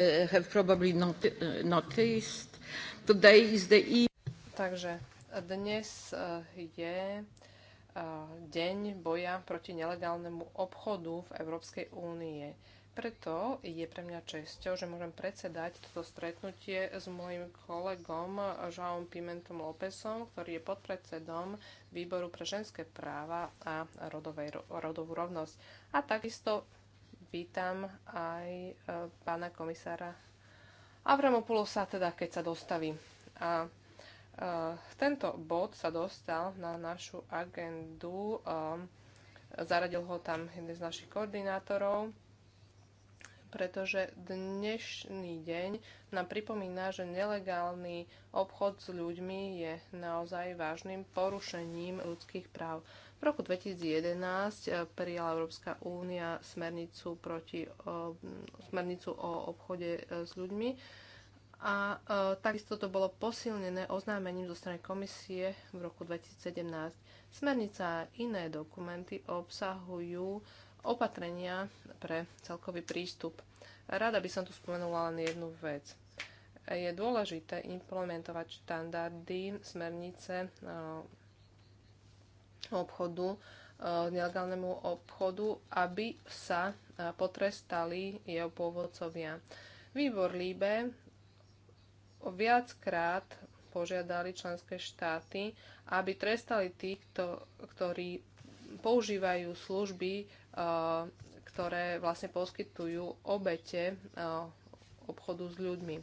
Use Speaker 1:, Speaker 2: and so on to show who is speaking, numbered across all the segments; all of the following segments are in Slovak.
Speaker 1: Uh, have probably not, uh, noticed, today is the e- Takže dnes uh, je deň boja proti nelegálnemu obchodu v Európskej únie. Preto je pre mňa česťou, že môžem predsedať toto stretnutie s môjim kolegom Žaom Pimentom Lópezom, ktorý je podpredsedom Výboru pre ženské práva a rodovej, rodovú rovnosť. A takisto vítam aj e, pána komisára Avramopulosa, teda keď sa dostaví. A e, tento bod sa dostal na našu agendu. E, zaradil ho tam jeden z našich koordinátorov, pretože dnešný deň nám pripomína, že nelegálny obchod s ľuďmi je naozaj vážnym porušením ľudských práv. V roku 2011 eh, prijala Európska únia smernicu, proti, o, eh, smernicu o obchode eh, s ľuďmi a takisto to bolo posilnené oznámením zo strany komisie v roku 2017. Smernica a iné dokumenty obsahujú opatrenia pre celkový prístup. Rada by som tu spomenula len jednu vec je dôležité implementovať štandardy, smernice obchodu, e, nelegálnemu obchodu, aby sa e, potrestali jeho pôvodcovia. Výbor Líbe viackrát požiadali členské štáty, aby trestali tých, kto, ktorí používajú služby, e, ktoré vlastne poskytujú obete obchodu s ľuďmi.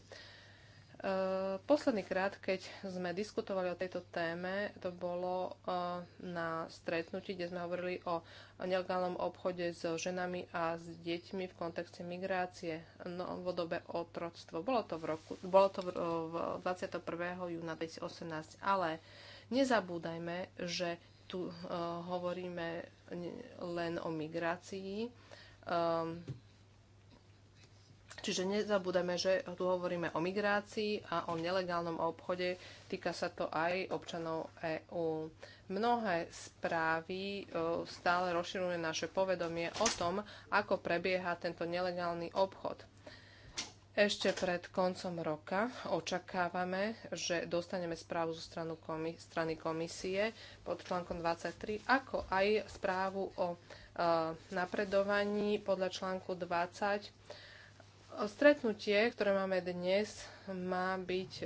Speaker 1: Eh, posledný krát, keď sme diskutovali o tejto téme, to bolo eh, na stretnutí, kde sme hovorili o nelegálnom obchode s ženami a s deťmi v kontexte migrácie dobe otroctvo. Bolo to v, roku, bolo to v, eh, v 21. júna 2018, ale nezabúdajme, že tu uh, hovoríme len o migrácii. Um, Čiže nezabúdame, že tu hovoríme o migrácii a o nelegálnom obchode. Týka sa to aj občanov EÚ. Mnohé správy e, stále rozširujú naše povedomie o tom, ako prebieha tento nelegálny obchod. Ešte pred koncom roka očakávame, že dostaneme správu zo stranu strany komisie pod článkom 23, ako aj správu o e, napredovaní podľa článku 20 Stretnutie, ktoré máme dnes, má byť e,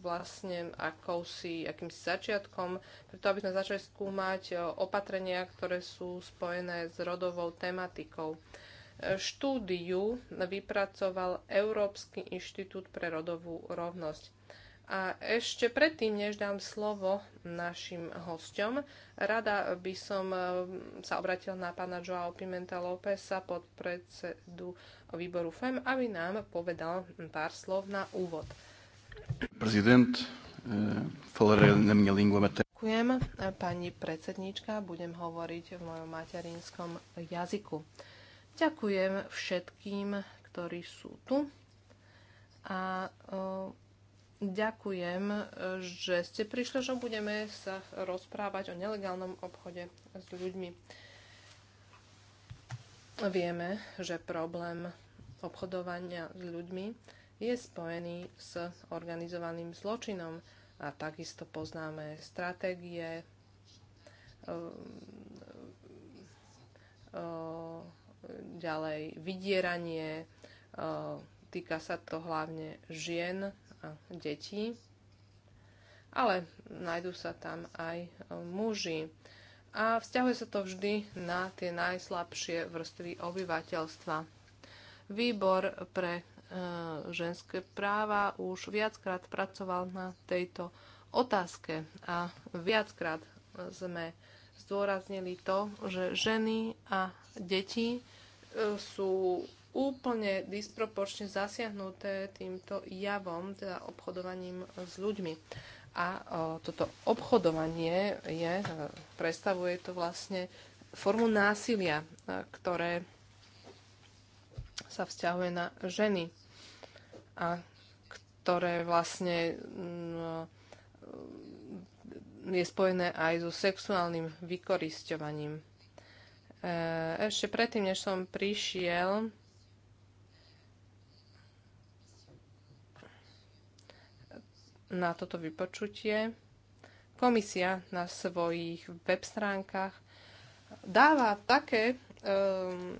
Speaker 1: vlastne akousi, akýmsi začiatkom, preto aby sme začali skúmať e, opatrenia, ktoré sú spojené s rodovou tematikou. E, štúdiu vypracoval Európsky inštitút pre rodovú rovnosť. A ešte predtým, než dám slovo našim hosťom, rada by som eh, sa obratila na pána Joao Pimenta Lópeza, predsedu výboru FEM, aby nám povedal pár slov na úvod.
Speaker 2: Prezident, eh, lingua mater...
Speaker 1: Ďakujem, pani predsedníčka, budem hovoriť v mojom materinskom jazyku. Ďakujem všetkým, ktorí sú tu a eh, Ďakujem, že ste prišli, že budeme sa rozprávať o nelegálnom obchode s ľuďmi. Vieme, že problém obchodovania s ľuďmi je spojený s organizovaným zločinom a takisto poznáme stratégie ehm, ehm, ďalej vydieranie, týka sa to hlavne žien detí, ale nájdú sa tam aj muži. A vzťahuje sa to vždy na tie najslabšie vrstvy obyvateľstva. Výbor pre e, ženské práva už viackrát pracoval na tejto otázke a viackrát sme zdôraznili to, že ženy a deti e, sú úplne disproporčne zasiahnuté týmto javom, teda obchodovaním s ľuďmi. A o, e, toto obchodovanie je, e, predstavuje to vlastne formu násilia, e, ktoré sa vzťahuje na ženy a ktoré vlastne no, je spojené aj so sexuálnym vykorisťovaním. Ešte predtým, než som prišiel, na toto vypočutie. Komisia na svojich web stránkach dáva také um,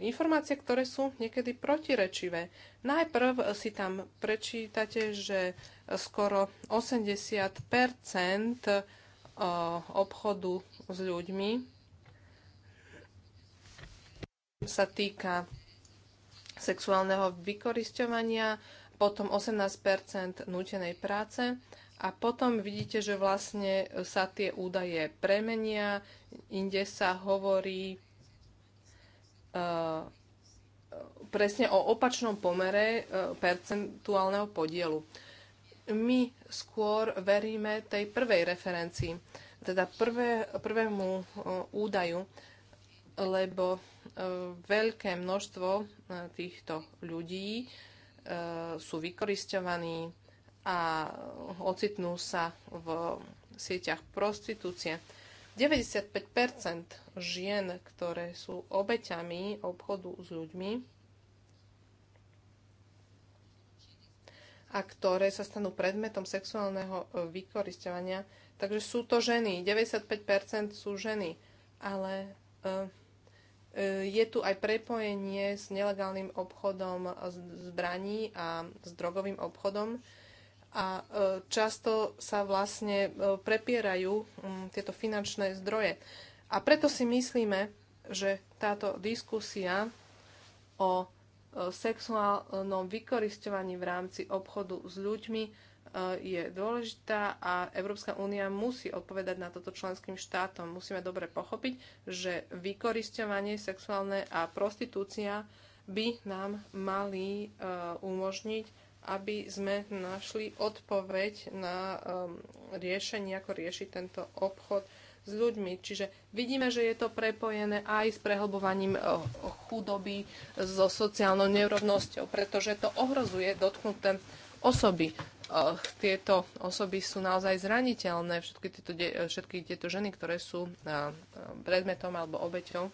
Speaker 1: informácie, ktoré sú niekedy protirečivé. Najprv si tam prečítate, že skoro 80 eh, obchodu s ľuďmi sa týka sexuálneho vykorisťovania potom 18 nútenej práce a potom vidíte, že vlastne sa tie údaje premenia, inde sa hovorí uh, presne o opačnom pomere uh, percentuálneho podielu. My skôr veríme tej prvej referencii, teda prvé, prvému uh, údaju, lebo veľké množstvo týchto ľudí E, sú vykoristovaní a ocitnú sa v sieťach prostitúcie. 95 žien, ktoré sú obeťami obchodu s ľuďmi a ktoré sa stanú predmetom sexuálneho vykoristovania, takže sú to ženy, 95 sú ženy, ale e, E, je tu aj prepojenie s nelegálnym obchodom zbraní a s drogovým obchodom. A e, často sa vlastne e, prepierajú tieto finančné zdroje. A preto si myslíme, že táto diskusia o sexuálnom vykoristovaní v rámci obchodu s ľuďmi E, je dôležitá a Európska únia musí odpovedať na toto členským štátom. Musíme dobre pochopiť, že vykoristovanie sexuálne a prostitúcia by nám mali e, umožniť, aby sme našli odpoveď na e, riešenie, ako riešiť tento obchod s ľuďmi. Čiže vidíme, že je to prepojené aj s prehlbovaním chudoby, so sociálnou nerovnosťou, pretože to ohrozuje dotknuté osoby. Eh, tieto osoby sú naozaj zraniteľné, všetky tieto, eh, všetky tieto ženy, ktoré sú eh, predmetom alebo obeťou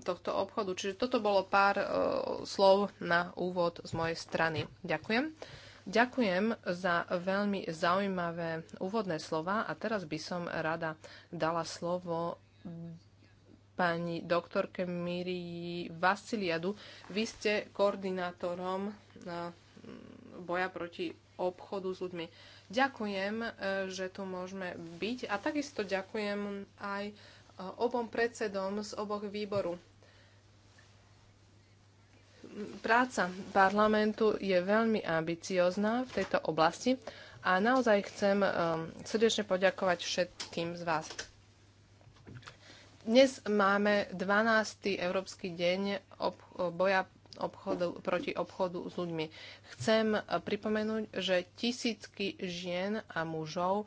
Speaker 1: tohto obchodu. Čiže toto bolo pár slov na úvod z mojej strany. Ďakujem. Ďakujem za veľmi zaujímavé úvodné slova a teraz by som rada dala slovo pani doktorke Miri Vasiliadu. Vy ste koordinátorom boja proti obchodu s ľuďmi. Ďakujem, e, že tu môžeme byť a takisto ďakujem aj e, obom predsedom z oboch výboru. Práca parlamentu je veľmi ambiciozná v tejto oblasti a naozaj chcem e, srdečne poďakovať všetkým z vás. Dnes máme 12. Európsky deň boja obchodu, proti obchodu s ľuďmi. Chcem eh, pripomenúť, že tisícky žien a mužov eh,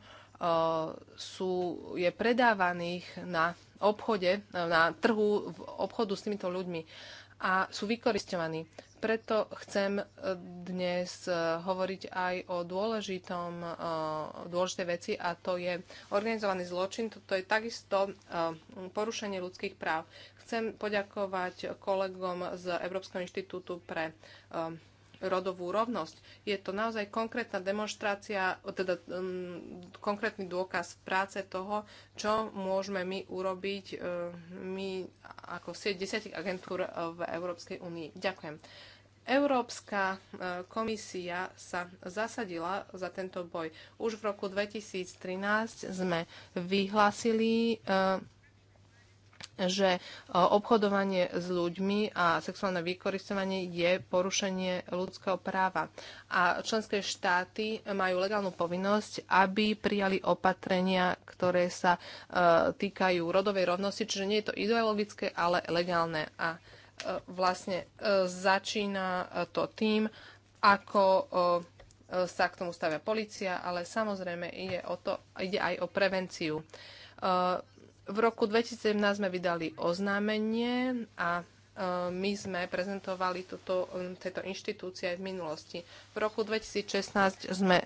Speaker 1: sú, je predávaných na obchode, eh, na trhu v obchodu s týmito ľuďmi a sú vykoristovaní. Preto chcem eh, dnes eh, hovoriť aj o dôležitom, eh, dôležitej veci a to je organizovaný zločin. toto je takisto porušenie ľudských práv. Chcem poďakovať kolegom z Európskeho inštitútu pre rodovú rovnosť. Je to naozaj konkrétna demonstrácia, teda um, konkrétny dôkaz práce toho, čo môžeme my urobiť, uh, my ako sieť desiatich agentúr v Európskej únii. Ďakujem. Európska e, komisia sa zasadila za tento boj. Už v roku 2013 sme vyhlásili, e, že e, obchodovanie s ľuďmi a sexuálne vykoristovanie je porušenie ľudského práva. A členské štáty majú legálnu povinnosť, aby prijali opatrenia, ktoré sa týkajú rodovej rovnosti, čiže nie je to ideologické, ale legálne. A E, vlastne e, začína e, to tým, ako sa k tomu stavia policia, ale samozrejme ide, o to, ide aj o prevenciu. V roku 2017 sme vydali oznámenie a my sme prezentovali tuto, tieto inštitúcie aj v minulosti. V roku 2016 sme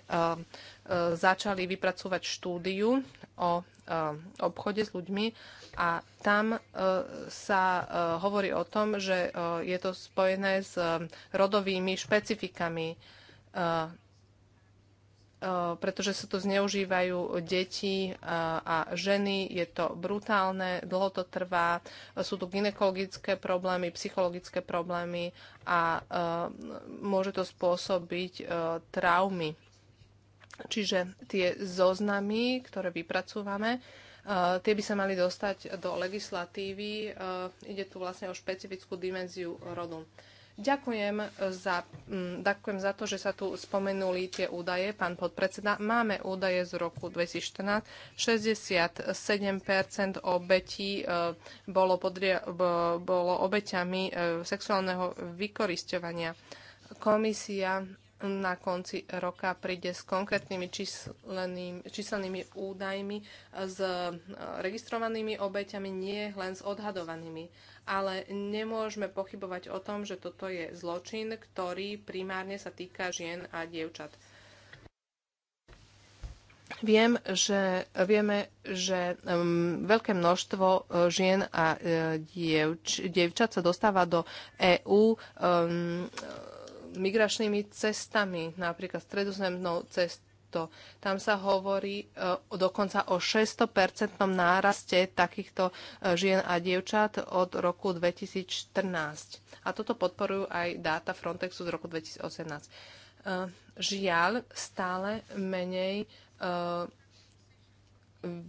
Speaker 1: začali vypracovať štúdiu o Eh, obchode s ľuďmi a tam eh, sa eh, hovorí o tom, že je to spojené s rodovými špecifikami, pretože sa to zneužívajú deti a ženy, je to brutálne, dlho to trvá, sú tu ginekologické problémy, psychologické problémy a môže to spôsobiť traumy Čiže tie zoznamy, ktoré vypracúvame, e, tie by sa mali dostať do legislatívy. E, ide tu vlastne o špecifickú dimenziu rodu. Ďakujem za, ďakujem za to, že sa tu spomenuli tie údaje, pán podpredseda. Máme údaje z roku 2014. 67 obetí e, bolo, podria, bolo obeťami sexuálneho vykoristovania. Komisia na konci roka príde s konkrétnymi číselnými údajmi, s e, registrovanými obeťami, nie len s odhadovanými. Ale nemôžeme pochybovať o tom, že toto je zločin, ktorý primárne sa týka žien a dievčat. Viem, že, vieme, že um, veľké množstvo e, žien a uh, dievč, dievčat sa dostáva do EÚ um, migračnými cestami, napríklad stredozemnou cestou. Tam sa hovorí e, dokonca o 600-percentnom náraste takýchto e, žien a dievčat od roku 2014. A toto podporujú aj dáta Frontexu z roku 2018. E, žiaľ, stále menej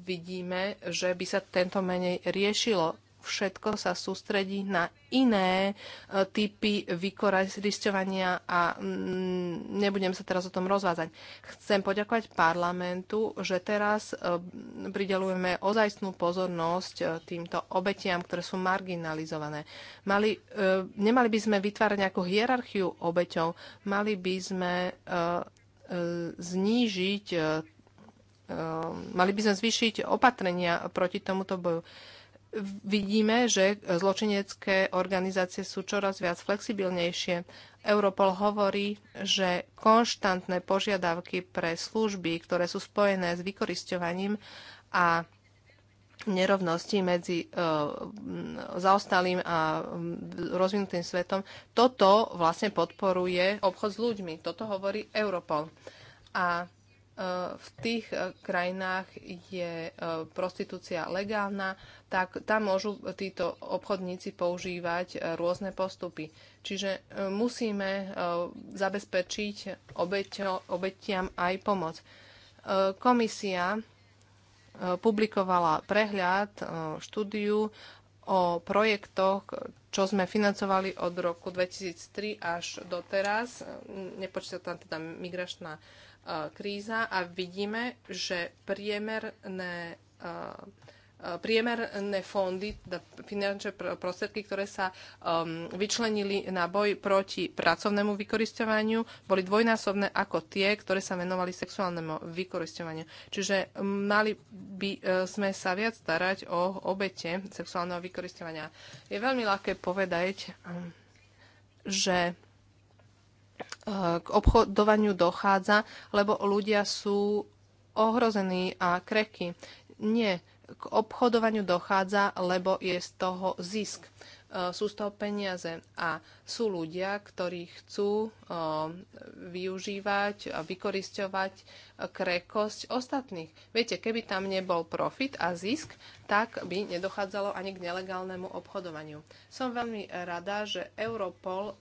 Speaker 1: vidíme, že by sa tento menej riešilo všetko sa sústredí na iné e, typy vykoristovania a mm, nebudem sa teraz o tom rozvázať. Chcem poďakovať parlamentu, že teraz e, pridelujeme ozajstnú pozornosť e, týmto obetiam, ktoré sú marginalizované. Mali, nemali by sme vytvárať nejakú hierarchiu obeťov, mali by sme znížiť mali by sme zvýšiť opatrenia proti tomuto boju vidíme, že zločinecké organizácie sú čoraz viac flexibilnejšie. Europol hovorí, že konštantné požiadavky pre služby, ktoré sú spojené s vykoristovaním a nerovnosti medzi e, zaostalým a rozvinutým svetom, toto vlastne podporuje obchod s ľuďmi. Toto hovorí Europol. A E, v tých e, krajinách je e, prostitúcia legálna, tak tam môžu títo obchodníci používať rôzne postupy. Čiže musíme zabezpečiť obetiam aj pomoc. Komisia publikovala prehľad, štúdiu o projektoch, čo sme financovali od roku 2003 až doteraz. Nepočíta tam teda migračná E, kríza a vidíme, že priemerné e, e, priemerné fondy, teda finančné prostriedky, ktoré sa um, vyčlenili na boj proti pracovnému vykoristovaniu, boli dvojnásobné ako tie, ktoré sa venovali sexuálnemu vykoristovaniu. Čiže mali by sme sa viac starať o obete sexuálneho vykoristovania. Je veľmi ľahké povedať, že E, k obchodovaniu dochádza, lebo ľudia sú ohrození a kreky. Nie, k obchodovaniu dochádza, lebo je z toho zisk. E, sú z toho peniaze a sú ľudia, ktorí chcú e, využívať a vykorisťovať krekosť ostatných. Viete, keby tam nebol profit a zisk, tak by nedochádzalo ani k nelegálnemu obchodovaniu. Som veľmi rada, že Europol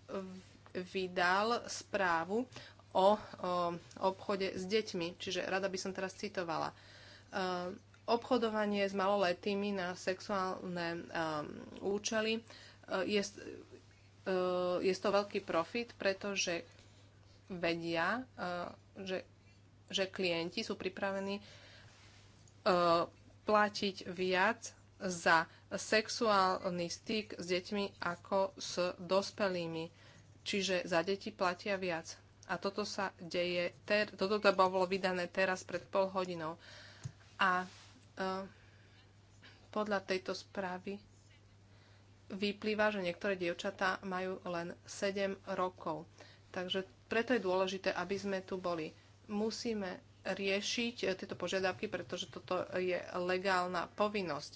Speaker 1: vydal správu o, obchode s deťmi. Čiže rada by som teraz citovala. E, obchodovanie s maloletými na sexuálne e, účely e, je, je to veľký profit, pretože vedia, že, že klienti sú pripravení platiť viac za sexuálny styk s deťmi ako s dospelými Čiže za deti platia viac. A toto sa deje, ter, toto to teda bolo vydané teraz pred pol hodinou. A uh, podľa tejto správy vyplýva, že niektoré dievčatá majú len 7 rokov. Takže preto je dôležité, aby sme tu boli. Musíme riešiť e, tieto požiadavky, pretože toto je legálna povinnosť.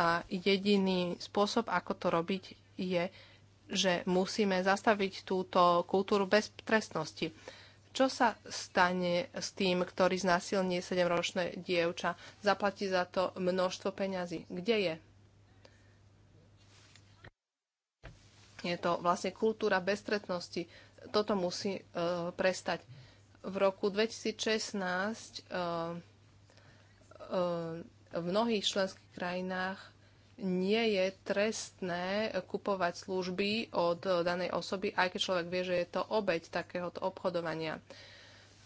Speaker 1: A jediný spôsob, ako to robiť, je, že musíme zastaviť túto kultúru beztrestnosti. Čo sa stane s tým, ktorý znásilní 7-ročné dievča? Zaplatí za to množstvo peňazí. Kde je? Je to vlastne kultúra bezstretnosti. Toto musí uh, prestať. V roku 2016 uh, uh, v mnohých členských krajinách nie je trestné kupovať služby od danej osoby, aj keď človek vie, že je to obeď takéhoto obchodovania.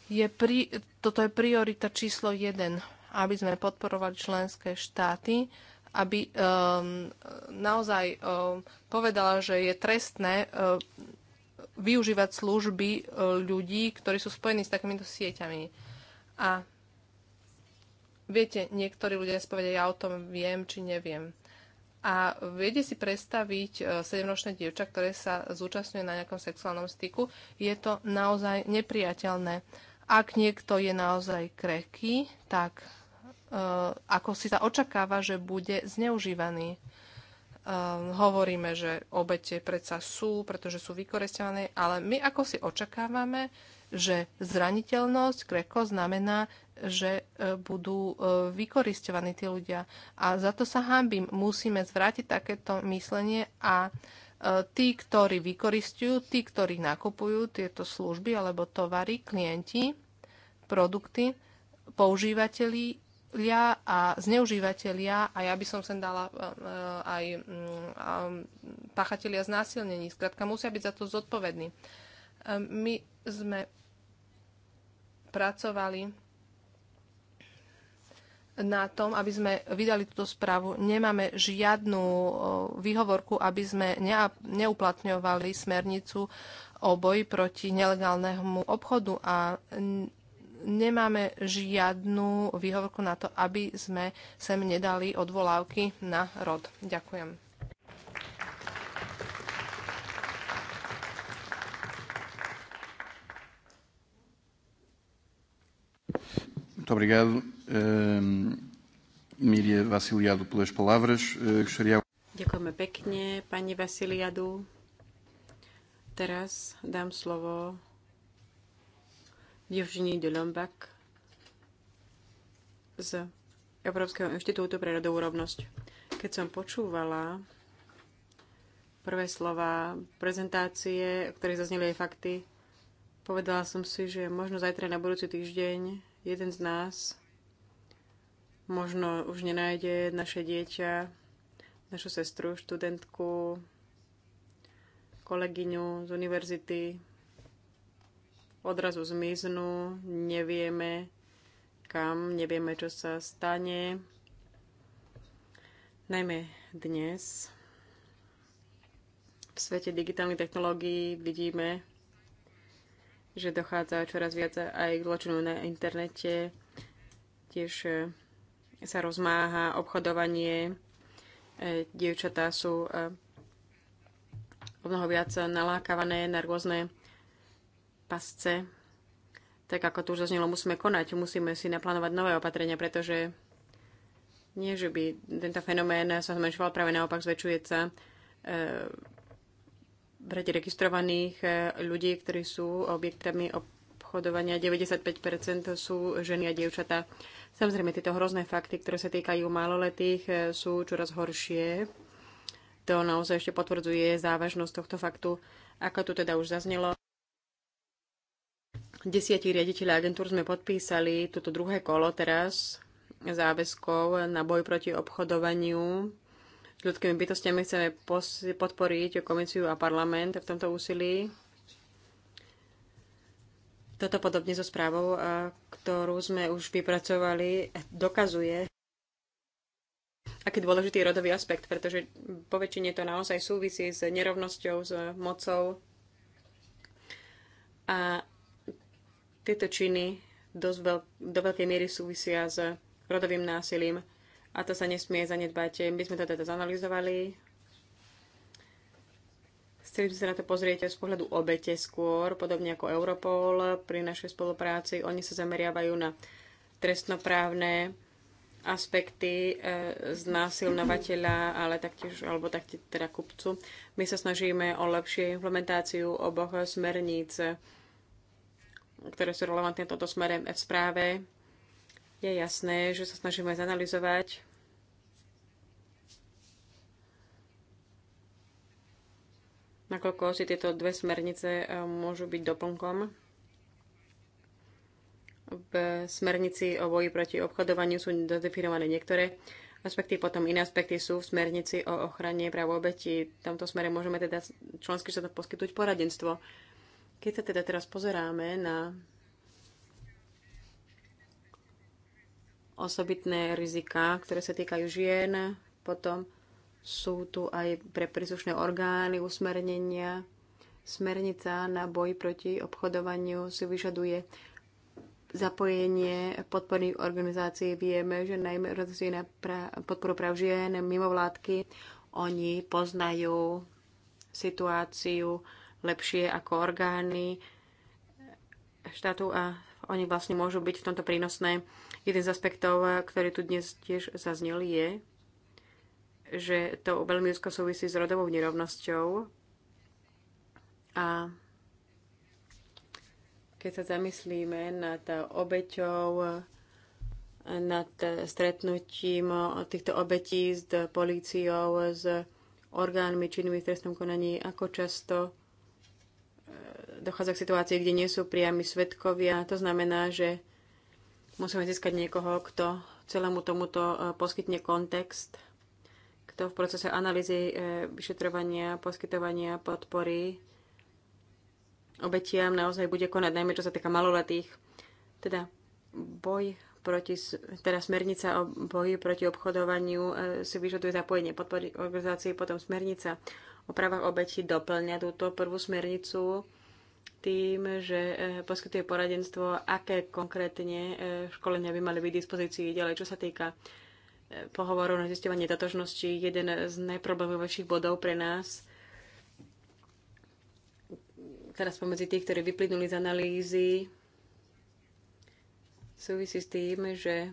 Speaker 1: Je pri, toto je priorita číslo 1, aby sme podporovali členské štáty, aby um, naozaj um, povedala, že je trestné um, využívať služby um, ľudí, ktorí sú spojení s takýmito sieťami. A viete, niektorí ľudia spovedia, ja o tom viem či neviem a viete si predstaviť 7-ročné e, dievča, ktoré sa zúčastňuje na nejakom sexuálnom styku, je to naozaj nepriateľné. Ak niekto je naozaj krehký, tak uh, ako si sa očakáva, že bude zneužívaný. E, hovoríme, že obete predsa sú, pretože sú vykoresťované, ale my ako si očakávame, že zraniteľnosť kreko znamená, že e, budú e, vykoristovaní tí ľudia. A za to sa hambím. Musíme zvrátiť takéto myslenie a e, tí, ktorí vykoristujú, tí, ktorí nakupujú tieto služby alebo tovary, klienti, produkty, používateľia a zneužívateľia a ja by som sem dala aj mm, pachatelia znásilnení. Zkrátka musia byť za to zodpovední. My sme pracovali na tom, aby sme vydali túto správu. Nemáme žiadnu výhovorku, aby sme neuplatňovali smernicu o boji proti nelegálnemu obchodu a nemáme žiadnu výhovorku na to, aby sme sem nedali odvolávky na rod. Ďakujem.
Speaker 2: Muito obrigado, ehm, Míria Vasiliado, pelas palavras. Eh, gostaria...
Speaker 3: Ďakujeme pekne, pani Vasiliadu. Teraz dám slovo Virginie de Lombak z Európskeho inštitútu pre rodovú rovnosť. Keď som počúvala prvé slova prezentácie, ktoré zazneli aj fakty, Povedala som si, že možno zajtra na budúci týždeň jeden z nás možno už nenájde naše dieťa, našu sestru, študentku, kolegyňu z univerzity. Odrazu zmiznú, nevieme kam, nevieme, čo sa stane. Najmä dnes v svete digitálnych technológií vidíme, že dochádza čoraz viac aj k zločinu na internete. Tiež e, sa rozmáha obchodovanie. E, dievčatá sú e, o mnoho viac nalákavané na rôzne pasce. Tak ako tu už zaznelo, musíme konať, musíme si naplánovať nové opatrenia, pretože nie, že by tento fenomén sa zmenšoval, práve naopak zväčšuje sa. E, v rade registrovaných e, ľudí, ktorí sú objektami obchodovania, 95% sú ženy a dievčatá. Samozrejme, tieto hrozné fakty, ktoré sa týkajú maloletých, e, sú čoraz horšie. To naozaj ešte potvrdzuje závažnosť tohto faktu, ako tu teda už zaznelo. Desiatí riaditeľa agentúr sme podpísali toto druhé kolo teraz záväzkov na boj proti obchodovaniu ľudskými bytostiami chceme podporiť komisiu a parlament v tomto úsilí. Toto podobne so správou, ktorú sme už vypracovali, dokazuje, aký dôležitý rodový aspekt, pretože po väčšine to naozaj súvisí s nerovnosťou, s mocou. A tieto činy dosť veľ- do veľkej miery súvisia s rodovým násilím a to sa nesmie zanedbať. My sme to teda zanalizovali. Chceli sme sa na to pozrieť z pohľadu obete skôr, podobne ako Europol pri našej spolupráci. Oni sa zameriavajú na trestnoprávne aspekty e, znásilnovateľa, ale taktiež, alebo taktiež teda kupcu. My sa snažíme o lepšiu implementáciu oboch smerníc, ktoré sú relevantné toto smerem v správe. Je jasné, že sa snažíme zanalizovať nakoľko si tieto dve smernice e, môžu byť doplnkom. V smernici o boji proti obchodovaniu sú zadefinované niektoré aspekty, potom iné aspekty sú v smernici o ochrane práv obetí. V tomto smere môžeme teda členským štátom poskytnúť poradenstvo. Keď sa teda teraz pozeráme na osobitné rizika, ktoré sa týkajú žien, potom sú tu aj pre príslušné orgány usmernenia. Smernica na boj proti obchodovaniu si vyžaduje zapojenie podporných organizácií. Vieme, že najmä rozhodujú na podporu práv žien, mimovládky, oni poznajú situáciu lepšie ako orgány štátu a oni vlastne môžu byť v tomto prínosné. Jeden z aspektov, ktorý tu dnes tiež zaznel, je, že to veľmi úzko súvisí s rodovou nerovnosťou. A keď sa zamyslíme nad obeťou, nad stretnutím týchto obetí s políciou, s orgánmi činnými v trestnom konaní, ako často eh, dochádza k situácii, kde nie sú priami svetkovia. To znamená, že musíme získať niekoho, kto celému tomuto eh, poskytne kontext to v procese analýzy, e, vyšetrovania, poskytovania podpory obetiam naozaj bude konať, najmä čo sa týka maloletých. Teda boj proti, teda smernica o boji proti obchodovaniu e, si vyžaduje zapojenie podpory organizácií, potom smernica o právach obetí doplňa túto prvú smernicu tým, že e, poskytuje poradenstvo, aké konkrétne školenia by mali byť v dispozícii ďalej, čo sa týka pohovorov na zistovanie totožnosti jeden z najproblémovejších bodov pre nás. Teraz pomedzi tých, ktorí vyplynuli z analýzy, súvisí s tým, že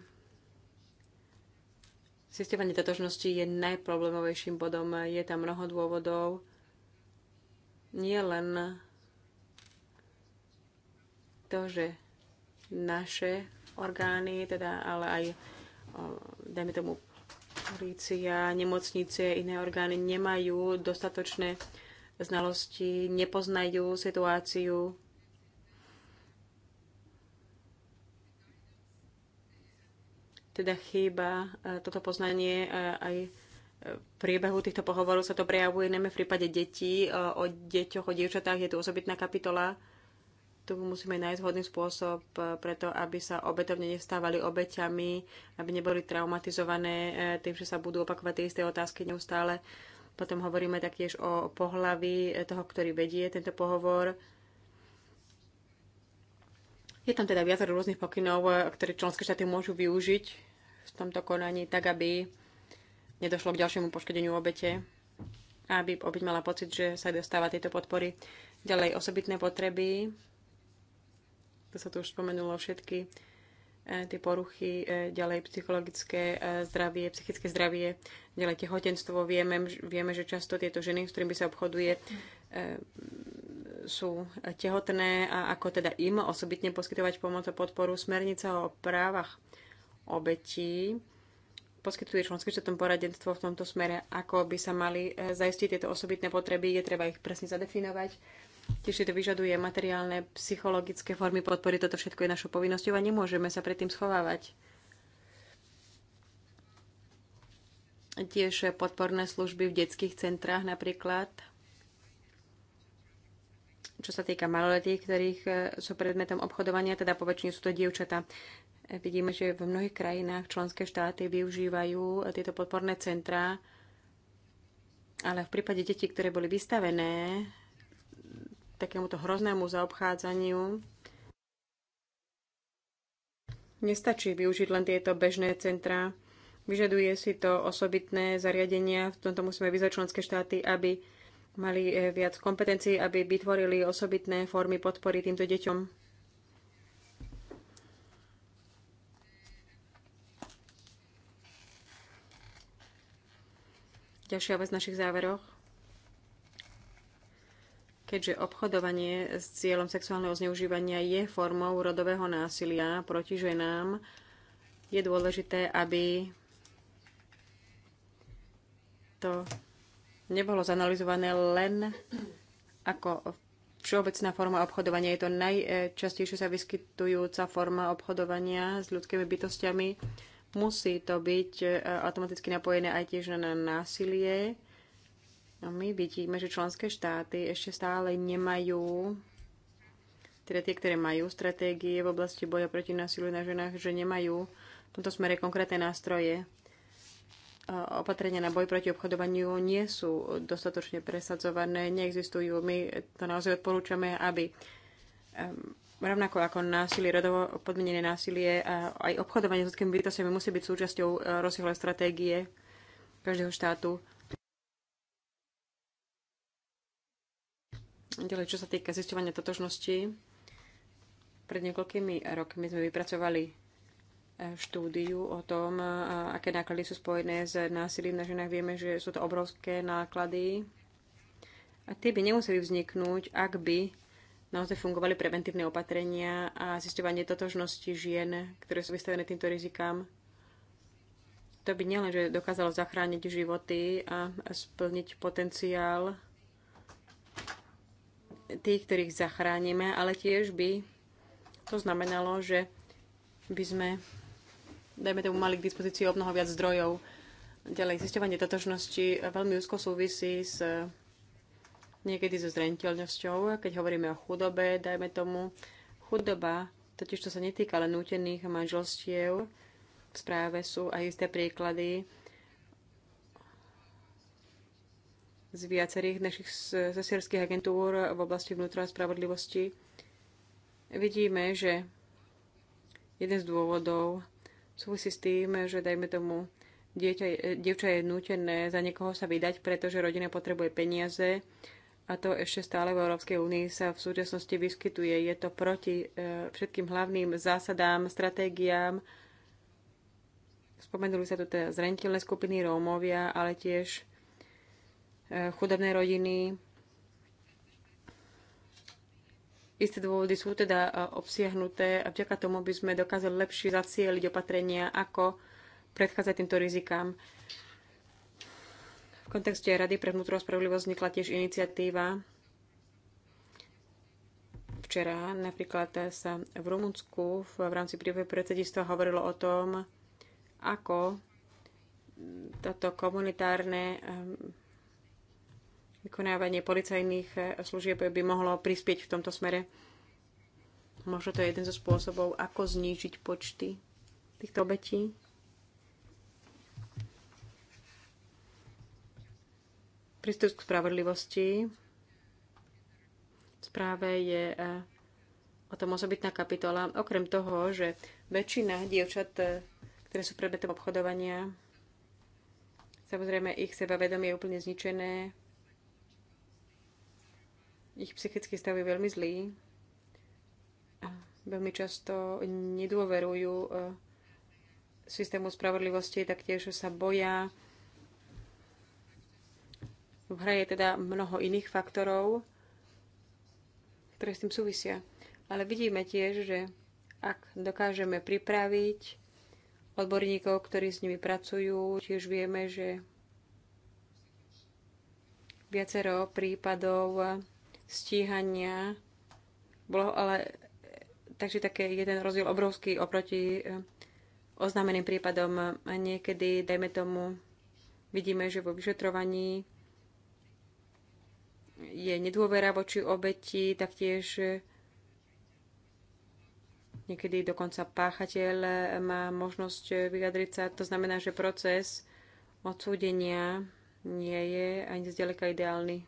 Speaker 3: zistovanie totožnosti je najproblémovejším bodom. Je tam mnoho dôvodov. Nie len to, že naše orgány, teda, ale aj dajme tomu, polícia, nemocnice, iné orgány nemajú dostatočné znalosti, nepoznajú situáciu. Teda chýba e, toto poznanie e, aj v priebehu týchto pohovorov sa to prejavuje najmä v prípade detí. E, o deťoch, o dievčatách je tu osobitná kapitola tu musíme nájsť vhodný spôsob e, preto, aby sa obetovne nestávali obeťami, aby neboli traumatizované e, tým, že sa budú opakovať tie isté otázky neustále. Potom hovoríme taktiež o pohlaví e, toho, ktorý vedie tento pohovor. Je tam teda viac rôznych pokynov, ktoré členské štáty môžu využiť v tomto konaní, tak aby nedošlo k ďalšiemu poškodeniu obete, aby obyť mala pocit, že sa dostáva tejto podpory. Ďalej osobitné potreby, to sa tu už spomenulo, všetky e, tie poruchy, e, ďalej psychologické e, zdravie, psychické zdravie, ďalej tehotenstvo. Vieme, vieme, že často tieto ženy, s ktorými sa obchoduje, sú tehotné a ako teda im osobitne poskytovať pomoc a podporu. Smernica o právach obetí poskytuje členské štátom poradenstvo v tomto smere, ako by sa mali zaistiť tieto osobitné potreby, je treba ich presne zadefinovať Tiež si to vyžaduje materiálne, psychologické formy podpory. Toto všetko je našou povinnosťou a nemôžeme sa pred tým schovávať. Tiež podporné služby v detských centrách napríklad. Čo sa týka maloletých, ktorých e, sú predmetom obchodovania, teda poväčšine sú to dievčatá. E, vidíme, že v mnohých krajinách členské štáty využívajú tieto podporné centrá, ale v prípade detí, ktoré boli vystavené takémuto hroznému zaobchádzaniu. Nestačí využiť len tieto bežné centrá. Vyžaduje si to osobitné zariadenia, v tomto musíme vyzvať členské štáty, aby mali eh, viac kompetencií, aby vytvorili osobitné formy podpory týmto deťom. Ďalšia vec v našich záveroch keďže obchodovanie s cieľom sexuálneho zneužívania je formou rodového násilia proti ženám, je dôležité, aby to nebolo zanalizované len ako všeobecná forma obchodovania. Je to najčastejšie sa vyskytujúca forma obchodovania s ľudskými bytostiami. Musí to byť eh, automaticky napojené aj tiež na násilie No my vidíme, že členské štáty ešte stále nemajú, teda tie, ktoré majú stratégie v oblasti boja proti násiliu na ženách, že nemajú v tomto smere konkrétne nástroje. Opatrenia na boj proti obchodovaniu nie sú dostatočne presadzované, neexistujú. My to naozaj odporúčame, aby rovnako ako násilie, rodovo podmienené násilie a aj obchodovanie s ľudskými bytostiami musí byť súčasťou e, rozsiahlej stratégie každého štátu. Ďalej, čo sa týka zisťovania totožnosti, pred niekoľkými rokmi sme vypracovali e, štúdiu o tom, e, aké náklady sú spojené s násilím na ženách. Vieme, že sú to obrovské náklady a tie by nemuseli vzniknúť, ak by naozaj fungovali preventívne opatrenia a zisťovanie totožnosti žien, ktoré sú vystavené týmto rizikám. To by nielenže dokázalo zachrániť životy a splniť potenciál tých, ktorých zachránime, ale tiež by to znamenalo, že by sme, dajme tomu, mali k dispozícii o mnoho viac zdrojov. Ďalej, zisťovanie totožnosti veľmi úzko súvisí s niekedy so zrenteľnosťou, keď hovoríme o chudobe, dajme tomu. Chudoba, totiž to sa netýka len nútených manželstiev, v správe sú aj isté príklady z viacerých našich zasierských agentúr v oblasti vnútra a spravodlivosti, vidíme, že jeden z dôvodov súvisí s tým, že dajme tomu, dieťa, dievča je nútené za niekoho sa vydať, pretože rodina potrebuje peniaze a to ešte stále v Európskej únii sa v súčasnosti vyskytuje. Je to proti e, všetkým hlavným zásadám, stratégiám. Spomenuli sa tu teda zrentilné skupiny Rómovia, ale tiež E, chudobnej rodiny. Isté dôvody sú teda e, obsiahnuté a vďaka tomu by sme dokázali lepšie zacieliť opatrenia, ako predchádzať týmto rizikám. V kontexte Rady pre vnútro spravodlivosť vznikla tiež iniciatíva včera napríklad sa v Rumunsku v, rámci príbehu predsedníctva hovorilo o tom, ako toto komunitárne vykonávanie policajných eh, služieb by mohlo prispieť v tomto smere. Možno to je jeden zo spôsobov, ako znížiť počty týchto obetí. Prístup k spravodlivosti. V správe je eh, o tom osobitná kapitola. Okrem toho, že väčšina dievčat, eh, ktoré sú predmetom obchodovania, samozrejme ich sebavedomie je úplne zničené, ich psychický stav je veľmi zlý. Veľmi často nedôverujú e, systému spravodlivosti, taktiež sa boja. V hre je teda mnoho iných faktorov, ktoré s tým súvisia. Ale vidíme tiež, že ak dokážeme pripraviť odborníkov, ktorí s nimi pracujú, tiež vieme, že viacero prípadov stíhania. Bolo ale takže také jeden rozdiel obrovský oproti e, oznámeným prípadom. A niekedy, dajme tomu, vidíme, že vo vyšetrovaní je nedôvera voči obeti, taktiež e, niekedy dokonca páchateľ má možnosť e, vyjadriť sa. To znamená, že proces odsúdenia nie je ani zďaleka ideálny.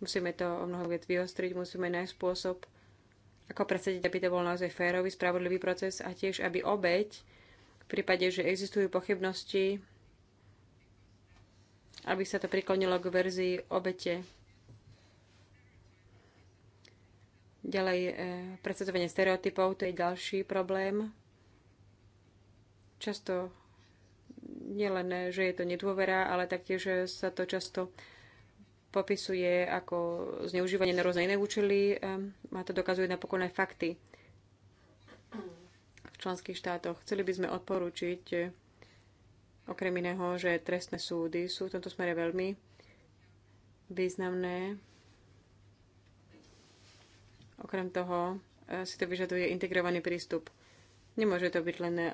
Speaker 3: Musíme to o mnoho viac vyostriť, musíme nájsť spôsob, ako presadiť, aby to bol naozaj férový, spravodlivý proces a tiež, aby obeď, v prípade, že existujú pochybnosti, aby sa to priklonilo k verzii obete. Ďalej, eh, predsedzovanie stereotypov, to je ďalší problém. Často nielen, že je to nedôvera, ale taktiež e, sa to často popisuje ako zneužívanie na rôzne iné účely a to dokazuje napokon aj fakty v členských štátoch. Chceli by sme odporučiť e, okrem iného, že trestné súdy sú v tomto smere veľmi významné. Okrem toho e, si to vyžaduje integrovaný prístup. Nemôže to byť len e,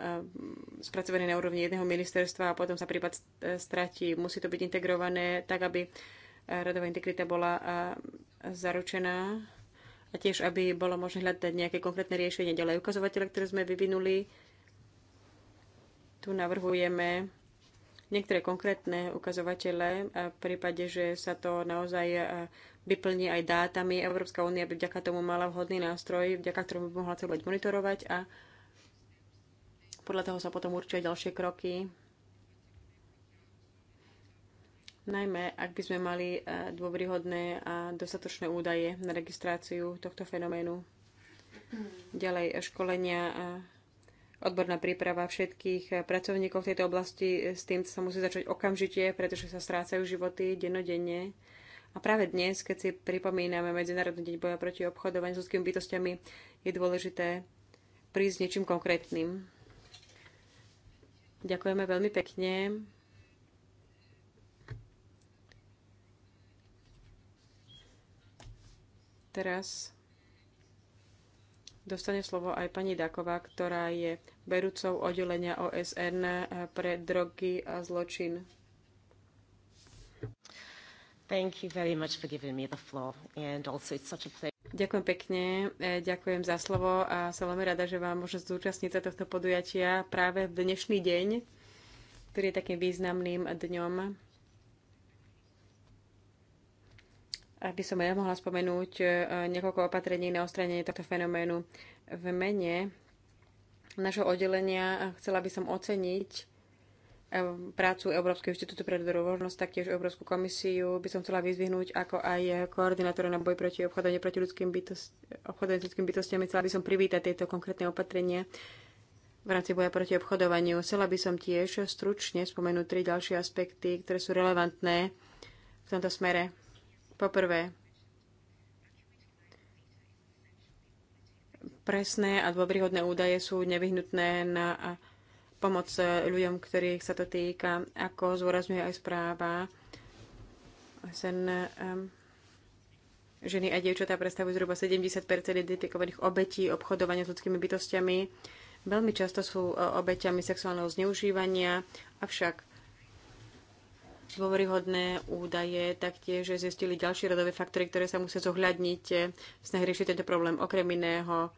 Speaker 3: spracované na úrovni jedného ministerstva a potom sa prípad stratí. Musí to byť integrované tak, aby Radová integrita bola zaručená a tiež, aby bolo možné hľadať nejaké konkrétne riešenie. Ďalej ukazovateľa, ktoré sme vyvinuli, tu navrhujeme niektoré konkrétne ukazovatele a v prípade, že sa to naozaj vyplní aj dátami. Európska únia by vďaka tomu mala vhodný nástroj, vďaka ktorému by mohla celé monitorovať a podľa toho sa potom určia ďalšie kroky najmä ak by sme mali eh, dôveryhodné a dostatočné údaje na registráciu tohto fenoménu. Ďalej eh, školenia a eh, odborná príprava všetkých pracovníkov v tejto oblasti. S tým sa musí začať okamžite, pretože sa strácajú životy dennodenne. A práve dnes, keď si pripomíname Medzinárodný deň boja proti obchodovaniu s ľudskými bytostiami, je dôležité prísť s niečím konkrétnym. Ďakujeme veľmi pekne. Teraz dostane slovo aj pani Daková, ktorá je berúcou oddelenia OSN pre drogy a zločin. Thank you very much for giving me the floor. And also it's such a pleasure. Ďakujem pekne, e, ďakujem za slovo a som veľmi rada, že vám môžem zúčastniť sa tohto podujatia práve v dnešný deň, ktorý je takým významným dňom aby som ja mohla spomenúť e, niekoľko opatrení na ostranenie tohto fenoménu. V mene našho oddelenia chcela by som oceniť e, prácu Európskeho inštitútu pre dobrovoľnosť, taktiež Európsku komisiu by som chcela vyzvihnúť ako aj koordinátora na boj proti obchodovaniu proti ľudským bytost, obchodovaniu s ľudskými bytostiami. Chcela by som privítať tieto konkrétne opatrenia v rámci boja proti obchodovaniu. Chcela by som tiež stručne spomenúť tri ďalšie aspekty, ktoré sú relevantné v tomto smere. Poprvé, presné a dôveryhodné údaje sú nevyhnutné na pomoc ľuďom, ktorých sa to týka, ako zúrazňuje aj správa. Sen um, ženy a dievčatá predstavujú zhruba 70 identifikovaných obetí obchodovania s ľudskými bytostiami. Veľmi často sú uh, obeťami sexuálneho zneužívania, avšak dôveryhodné údaje, taktiež zistili ďalšie rodové faktory, ktoré sa musia zohľadniť v snahe riešiť tento problém. Okrem iného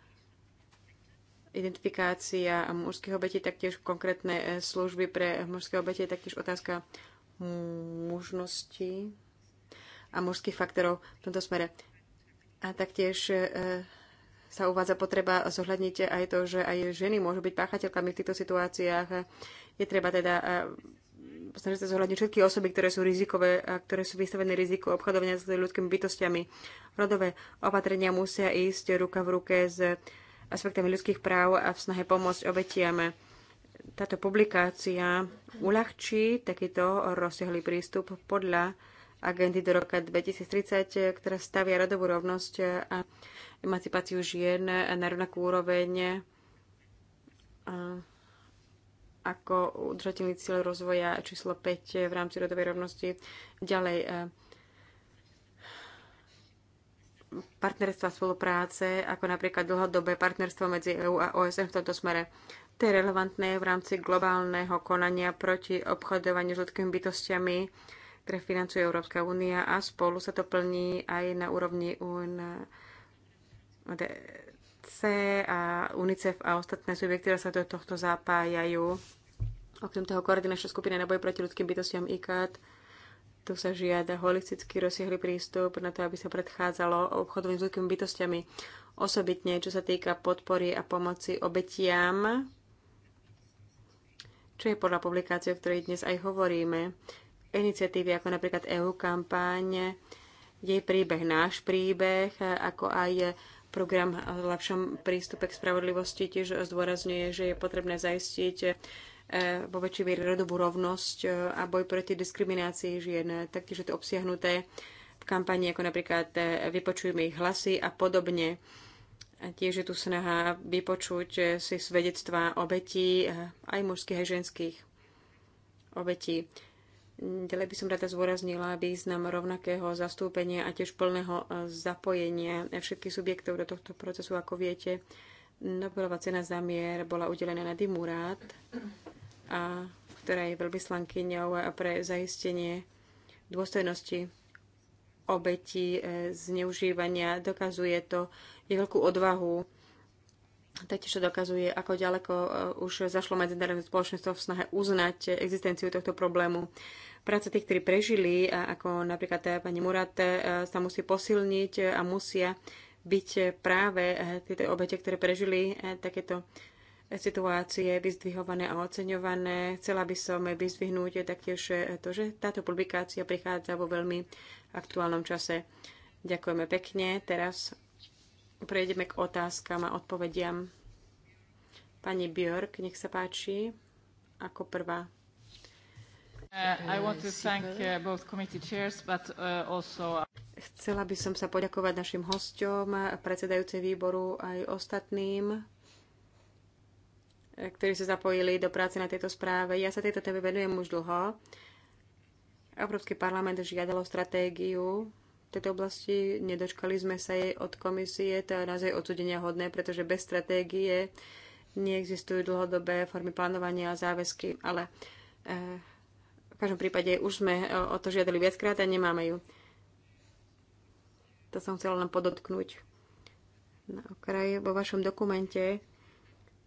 Speaker 3: identifikácia mužských obetí, taktiež konkrétne e, služby pre mužské obete, taktiež otázka mužnosti a mužských faktorov v tomto smere. A taktiež e, sa uvádza potreba zohľadniť aj to, že aj ženy môžu byť páchateľkami v týchto situáciách. Je treba teda e, snaží sa zohľadniť všetky osoby, ktoré sú rizikové a ktoré sú vystavené riziku obchodovania s ľudskými bytostiami. Rodové opatrenia musia ísť ruka v ruke s aspektami ľudských práv a v snahe pomôcť obetiam. Táto publikácia uľahčí takýto rozsiahly prístup podľa agendy do roka 2030, ktorá stavia rodovú rovnosť a emancipáciu žien na rovnakú úroveň ako udržateľný cieľ rozvoja číslo 5 eh, v rámci rodovej rovnosti. Ďalej, eh, partnerstva spolupráce, ako napríklad dlhodobé partnerstvo medzi EU a OSN v tomto smere. To je relevantné v rámci globálneho konania proti obchodovaniu s ľudskými bytostiami, ktoré financuje Európska únia a spolu sa to plní aj na úrovni UNDC a UNICEF a ostatné subjekty, ktoré sa do tohto zapájajú Okrem toho koordinačná skupina na boj proti ľudským bytostiam ICAT tu sa žiada holistický rozsiahly prístup na to, aby sa predchádzalo obchodovým s ľudskými bytostiami. Osobitne, čo sa týka podpory a pomoci obetiam, čo je podľa publikácie, o ktorej dnes aj hovoríme, iniciatívy ako napríklad EU kampaň, jej príbeh, náš príbeh, ako aj program o lepšom prístupe k spravodlivosti tiež zdôrazňuje, že je potrebné zaistiť E, vo väčšej miere rodovú rovnosť e, a boj proti diskriminácii žien. Taktiež je to obsiahnuté v kampani, ako napríklad e, vypočujeme ich hlasy a podobne. A tiež je tu snaha vypočuť si svedectvá obetí, aj mužských, aj ženských obetí. Ďalej by som rada zdôraznila význam rovnakého zastúpenia a tiež plného zapojenia všetkých subjektov do tohto procesu. Ako viete, Nobelová cena za mier bola udelená na Dimurát a ktorá je veľvyslankyňou pre zaistenie dôstojnosti obetí e, zneužívania. Dokazuje to je veľkú odvahu. Taktiež to dokazuje, ako ďaleko e, už zašlo medzinárodné spoločenstvo v snahe uznať existenciu tohto problému. Práca tých, ktorí prežili, ako napríklad e, pani Murat, sa musí posilniť a musia byť práve tieto obete, ktoré prežili takéto situácie vyzdvihované a oceňované. Chcela by som vyzdvihnúť taktiež to, že táto publikácia prichádza vo veľmi aktuálnom čase. Ďakujeme pekne. Teraz prejdeme k otázkam a odpovediam. Pani Björk, nech sa páči, ako prvá.
Speaker 1: Uh, uh, uh, Chcela
Speaker 3: by som sa poďakovať našim hosťom, predsedajúcej výboru aj ostatným ktorí sa zapojili do práce na tejto správe. Ja sa tejto téme venujem už dlho. Európsky parlament žiadalo stratégiu v tejto oblasti. Nedočkali sme sa jej od komisie. To je naozaj odsudenia hodné, pretože bez stratégie neexistujú dlhodobé formy plánovania a záväzky. Ale eh, v každom prípade už sme eh, o to žiadali viackrát a nemáme ju. To som chcela len podotknúť. Na okraji vo vašom dokumente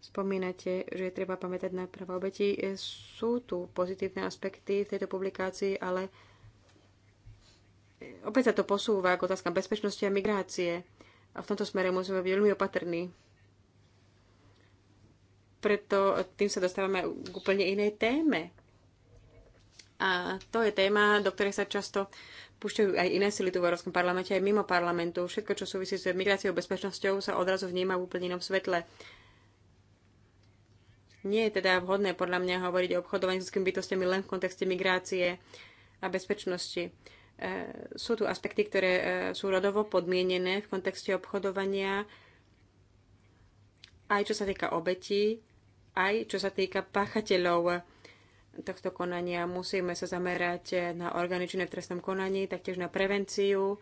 Speaker 3: spomínate, že je treba pamätať na práva obetí. E, sú tu pozitívne aspekty v tejto publikácii, ale e, opäť sa to posúva k otázkam bezpečnosti a migrácie. A v tomto smere musíme byť veľmi opatrní. Preto tým sa dostávame k úplne inej téme. A to je téma, do ktorej sa často púšťajú aj iné sily tu v Európskom parlamente, aj mimo parlamentu. Všetko, čo súvisí s migráciou a bezpečnosťou, sa odrazu vníma v úplne inom svetle. Nie je teda vhodné podľa mňa hovoriť o obchodovaní s ľudskými bytostiami len v kontexte migrácie a bezpečnosti. E, sú tu aspekty, ktoré e, sú rodovo podmienené v kontexte obchodovania, aj čo sa týka obetí, aj čo sa týka páchateľov tohto konania. Musíme sa zamerať na orgány činné v trestnom konaní, taktiež na prevenciu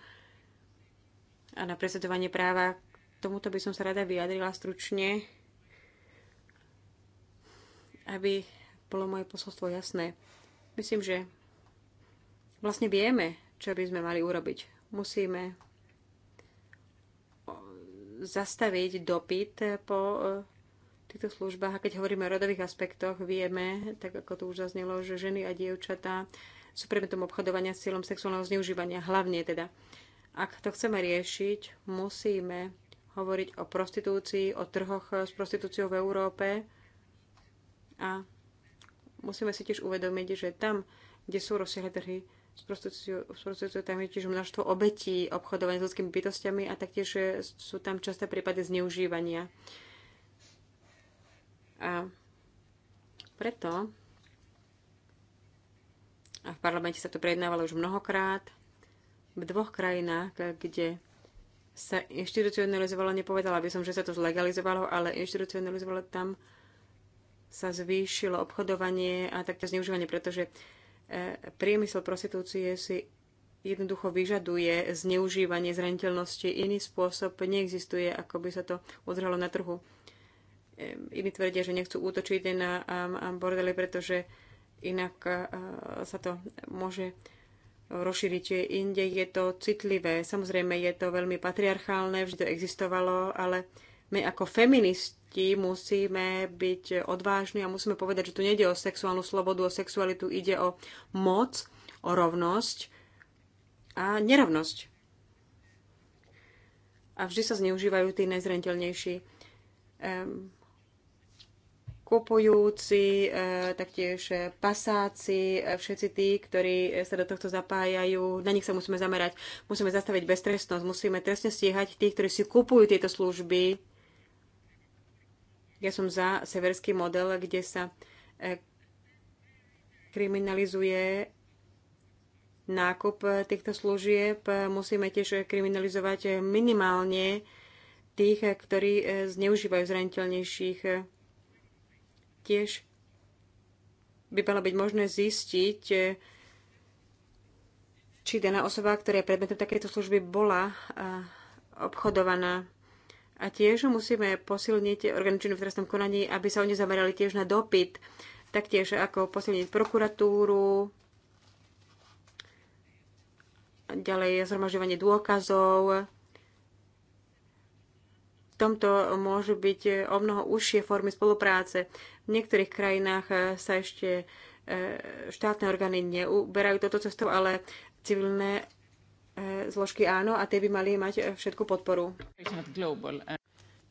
Speaker 3: a na presadzovanie práva. K tomuto by som sa rada vyjadrila stručne aby bolo moje posolstvo jasné. Myslím, že vlastne vieme, čo by sme mali urobiť. Musíme zastaviť dopyt po e, týchto službách. A keď hovoríme o rodových aspektoch, vieme, tak ako to už zaznelo, že ženy a dievčatá sú predmetom obchodovania s cieľom sexuálneho zneužívania. Hlavne teda, ak to chceme riešiť, musíme hovoriť o prostitúcii, o trhoch s prostitúciou v Európe, a musíme si tiež uvedomiť, že tam, kde sú rozsiahle trhy s prostitúciou, tam je tiež množstvo obetí obchodovania s ľudskými bytostiami a taktiež e, sú tam časté prípady zneužívania. A preto a v parlamente sa to prejednávalo už mnohokrát, v dvoch krajinách, kde sa inštitucionalizovalo, nepovedala by som, že sa to zlegalizovalo, ale inštitucionalizovalo tam sa zvýšilo obchodovanie a takto zneužívanie, pretože e, priemysel prostitúcie si jednoducho vyžaduje zneužívanie zraniteľnosti. Iný spôsob neexistuje, ako by sa to odhralo na trhu. E, iní tvrdia, že nechcú útočiť na bordely, pretože inak e, sa to môže rozšíriť inde. Je to citlivé, samozrejme je to veľmi patriarchálne, vždy to existovalo, ale my ako feministi musíme byť odvážni a musíme povedať, že tu nejde o sexuálnu slobodu, o sexualitu, ide o moc, o rovnosť a nerovnosť. A vždy sa zneužívajú tí nezrentelnejší Um, kupujúci, e, taktiež pasáci, e, všetci tí, ktorí sa do tohto zapájajú, na nich sa musíme zamerať. Musíme zastaviť beztrestnosť, musíme trestne stíhať tých, ktorí si kupujú tieto služby ja som za severský model, kde sa e, kriminalizuje nákup týchto služieb. Musíme tiež kriminalizovať minimálne tých, ktorí e, zneužívajú zraniteľnejších. Tiež by malo byť možné zistiť, e, či daná osoba, ktorá je predmetom takéto služby, bola obchodovaná a tiež musíme posilniť orgány v trestnom konaní, aby sa oni zamerali tiež na dopyt, taktiež ako posilniť prokuratúru, ďalej zhromažďovanie dôkazov. V tomto môžu byť o mnoho užšie formy spolupráce. V niektorých krajinách e, sa ešte e, štátne orgány neuberajú toto cestou, ale civilné E, zložky áno a tie by
Speaker 2: mali mať e, všetku podporu.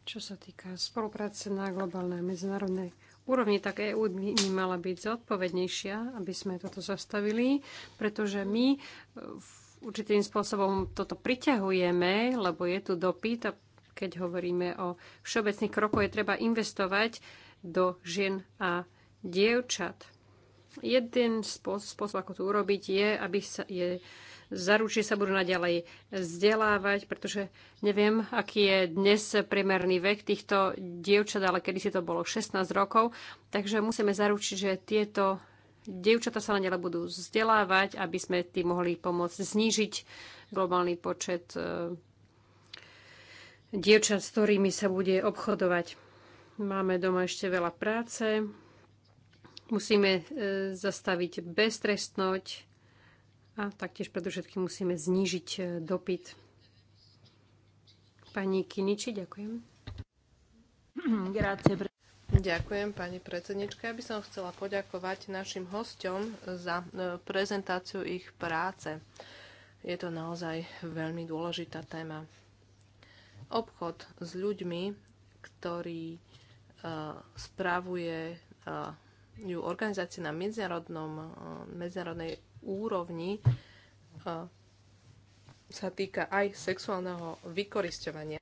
Speaker 2: Čo sa týka spolupráce na globálnej medzinárodnej úrovni, tak EÚ by mala byť zodpovednejšia, aby sme toto zastavili, pretože my e, určitým spôsobom toto priťahujeme, lebo je tu dopyt a keď hovoríme o všeobecných krokoch, je treba investovať do žien a dievčat. Jeden spôsob, ako to urobiť, je, aby sa, je zaručiť, sa budú naďalej vzdelávať, pretože neviem, aký je dnes priemerný vek týchto dievčat, ale kedy si to bolo 16 rokov. Takže musíme zaručiť, že tieto dievčata sa naďalej budú vzdelávať, aby sme tým mohli pomôcť znížiť globálny počet e, dievčat, s ktorými sa bude obchodovať. Máme doma ešte veľa práce. Musíme e, zastaviť beztrestnoť a taktiež predovšetkým musíme znížiť e, dopyt.
Speaker 1: Pani Kiniči, ďakujem. Ďakujem, pani predsednička. Ja by som chcela poďakovať našim hostom za e, prezentáciu ich práce. Je to naozaj veľmi dôležitá téma. Obchod s ľuďmi, ktorý uh, spravuje uh, organizácie na medzinárodnom, eh, medzinárodnej úrovni eh, sa týka aj sexuálneho vykorisťovania.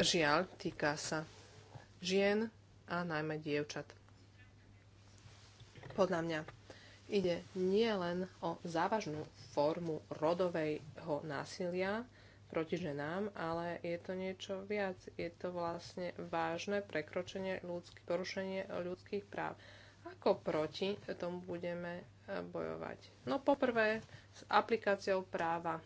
Speaker 1: Žiaľ, týka sa žien a najmä dievčat. Podľa mňa ide nielen o závažnú formu rodového násilia, proti ženám, ale je to niečo viac. Je to vlastne vážne prekročenie ľudský, porušenie ľudských práv. Ako proti tomu budeme eh, bojovať? No poprvé s aplikáciou práva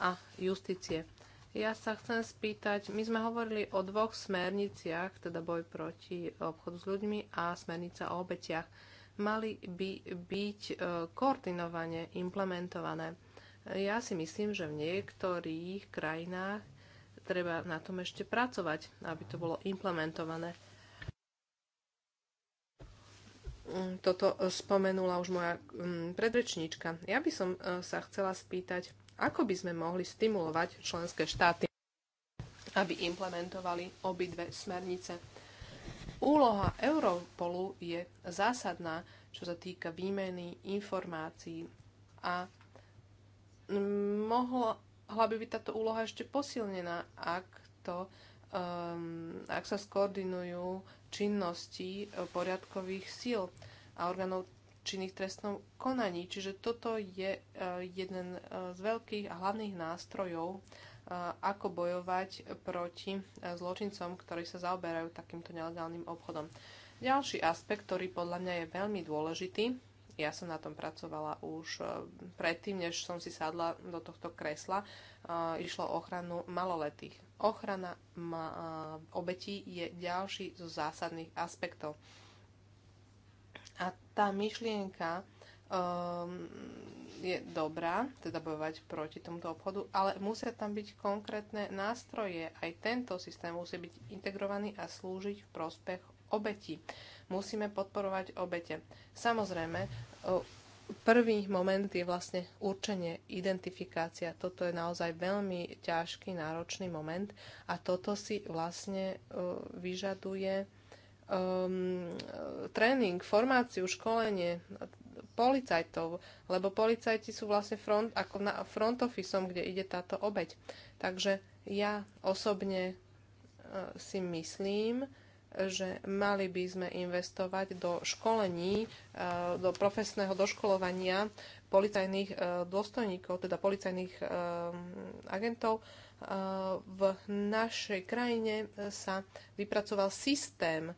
Speaker 1: a justície. Ja sa chcem spýtať, my sme hovorili o dvoch smerniciach, teda boj proti obchodu s ľuďmi a smernica o obetiach. Mali by byť eh, koordinovane implementované ja si myslím, že v niektorých krajinách treba na tom ešte pracovať, aby to bolo implementované. Mm, toto spomenula už moja mm, predrečníčka. Ja by som e, sa chcela spýtať, ako by sme mohli stimulovať členské štáty, aby implementovali obidve smernice. Úloha Europolu je zásadná, čo sa týka výmeny informácií a mohla by byť táto úloha ešte posilnená, ak, to, um, ak sa skoordinujú činnosti e, poriadkových síl a orgánov činných trestnom konaní. Čiže toto je e, jeden e, z veľkých a hlavných nástrojov, ako bojovať proti zločincom, ktorí sa zaoberajú takýmto nelegálnym obchodom. Ďalší aspekt, ktorý podľa mňa je veľmi dôležitý, ja som na tom pracovala už eh, predtým, než som si sadla do tohto kresla. Eh, išlo o ochranu maloletých. Ochrana eh, obetí je ďalší zo zásadných aspektov. A tá myšlienka um, je dobrá, teda bojovať proti tomuto obchodu, ale musia tam byť konkrétne nástroje. Aj tento systém musí byť integrovaný a slúžiť v prospech obetí. Musíme podporovať obete. Samozrejme, prvý moment je vlastne určenie, identifikácia. Toto je naozaj veľmi ťažký, náročný moment a toto si vlastne e, vyžaduje um, tréning, formáciu, školenie policajtov, lebo policajti sú vlastne front, ako na front officeom, kde ide táto obeď. Takže ja osobne e, si myslím, že mali by sme investovať do školení, e, do profesného doškolovania policajných e, dôstojníkov, teda policajných e, agentov. V našej krajine sa vypracoval systém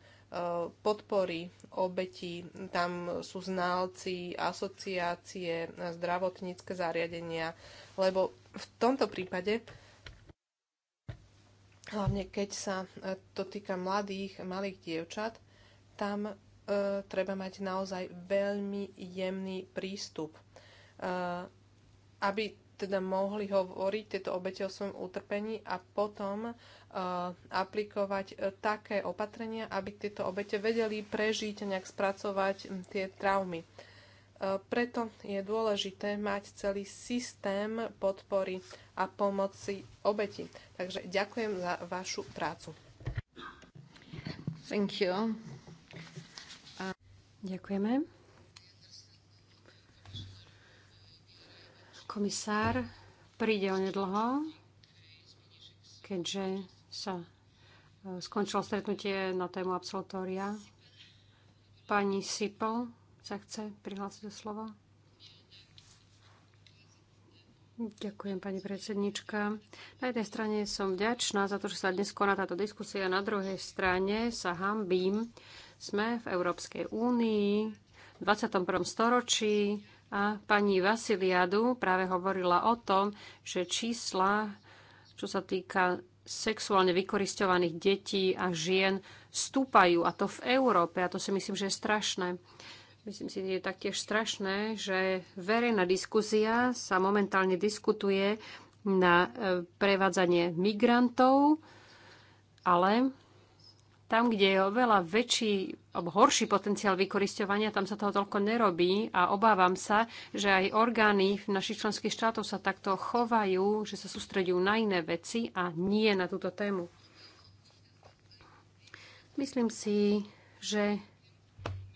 Speaker 1: podpory obetí. Tam sú znalci, asociácie, zdravotnícke zariadenia, lebo v tomto prípade hlavne keď sa e, to týka mladých, malých dievčat, tam e, treba mať naozaj veľmi jemný prístup. E, aby teda mohli hovoriť tieto obete o svojom utrpení a potom e, aplikovať e, také opatrenia, aby tieto obete vedeli prežiť a nejak spracovať tie traumy. E, E, preto je dôležité mať celý systém podpory a pomoci obeti. Takže ďakujem za vašu prácu.
Speaker 2: Thank you. A... Ďakujeme. Komisár príde onedlho, keďže sa e, skončilo stretnutie na tému absolutória. Pani Sipo sa chce prihlásiť do slova? Ďakujem, pani predsednička. Na jednej strane som vďačná za to, že sa dnes koná táto diskusia, na druhej strane sa hambím. Sme v Európskej únii, v 21. storočí a pani Vasiliadu práve hovorila o tom, že čísla, čo sa týka sexuálne vykoristovaných detí a žien stúpajú, a to v Európe, a to si myslím, že je strašné. Myslím si, že je taktiež strašné, že verejná diskusia sa momentálne diskutuje na e, prevádzanie migrantov, ale tam, kde je oveľa väčší alebo horší potenciál vykoristovania, tam sa toho toľko nerobí a obávam sa, že aj orgány v našich členských štátov sa takto chovajú, že sa sústredujú na iné veci a nie na túto tému. Myslím si, že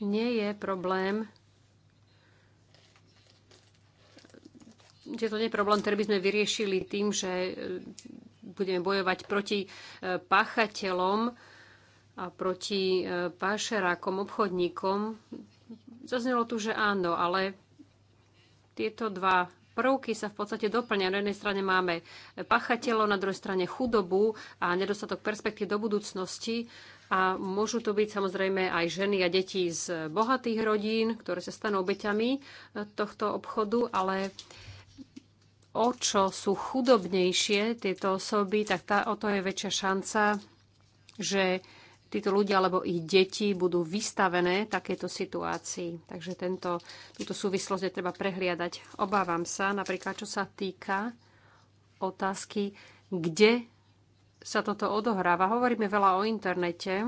Speaker 2: nie je problém, že to nie je problém, ktorý by sme vyriešili tým, že e, budeme bojovať proti e, páchateľom a proti e, pášerákom, obchodníkom. Zaznelo tu, že áno, ale tieto dva prvky sa v podstate doplňajú. Na jednej strane máme pachateľov, na druhej strane chudobu a nedostatok perspektív do budúcnosti. A môžu to byť samozrejme aj ženy a deti z bohatých rodín, ktoré sa stanú obeťami e, tohto obchodu, ale o čo sú chudobnejšie tieto osoby, tak tá, o to je väčšia šanca, že títo ľudia alebo ich deti budú vystavené takéto situácii. Takže tento, túto súvislosť je treba prehliadať. Obávam sa napríklad, čo sa týka otázky, kde sa toto odohráva. Hovoríme veľa o internete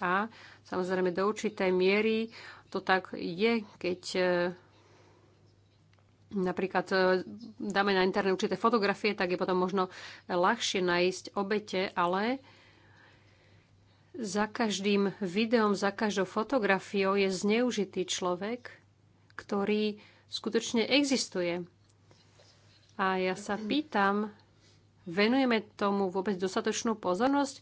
Speaker 2: a samozrejme do určitej miery to tak je, keď e, napríklad e, dáme na internet určité fotografie, tak je potom možno ľahšie nájsť obete, ale za každým videom, za každou fotografiou je zneužitý človek, ktorý skutočne existuje. A ja sa pýtam, venujeme tomu vôbec dostatočnú pozornosť?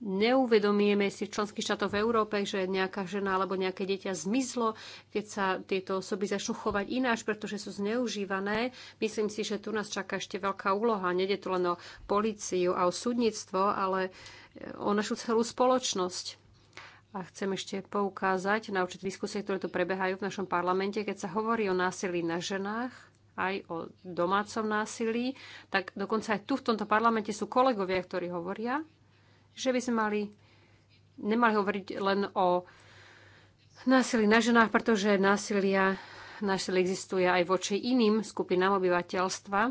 Speaker 2: Neuvedomujeme si v členských štátoch v Európe, že nejaká žena alebo nejaké dieťa zmizlo, keď sa tieto osoby začnú chovať ináč, pretože sú zneužívané. Myslím si, že tu nás čaká ešte veľká úloha. Nede tu len o políciu a o súdnictvo, ale e, o našu celú spoločnosť. A chcem ešte poukázať na určité diskusie, ktoré tu prebehajú v našom parlamente, keď sa hovorí o násilí na ženách aj o domácom násilí, tak dokonca aj tu v tomto parlamente sú kolegovia, ktorí hovoria, že by sme mali, nemali hovoriť len o násilí na ženách, pretože násilia, násilie existuje aj voči iným skupinám obyvateľstva,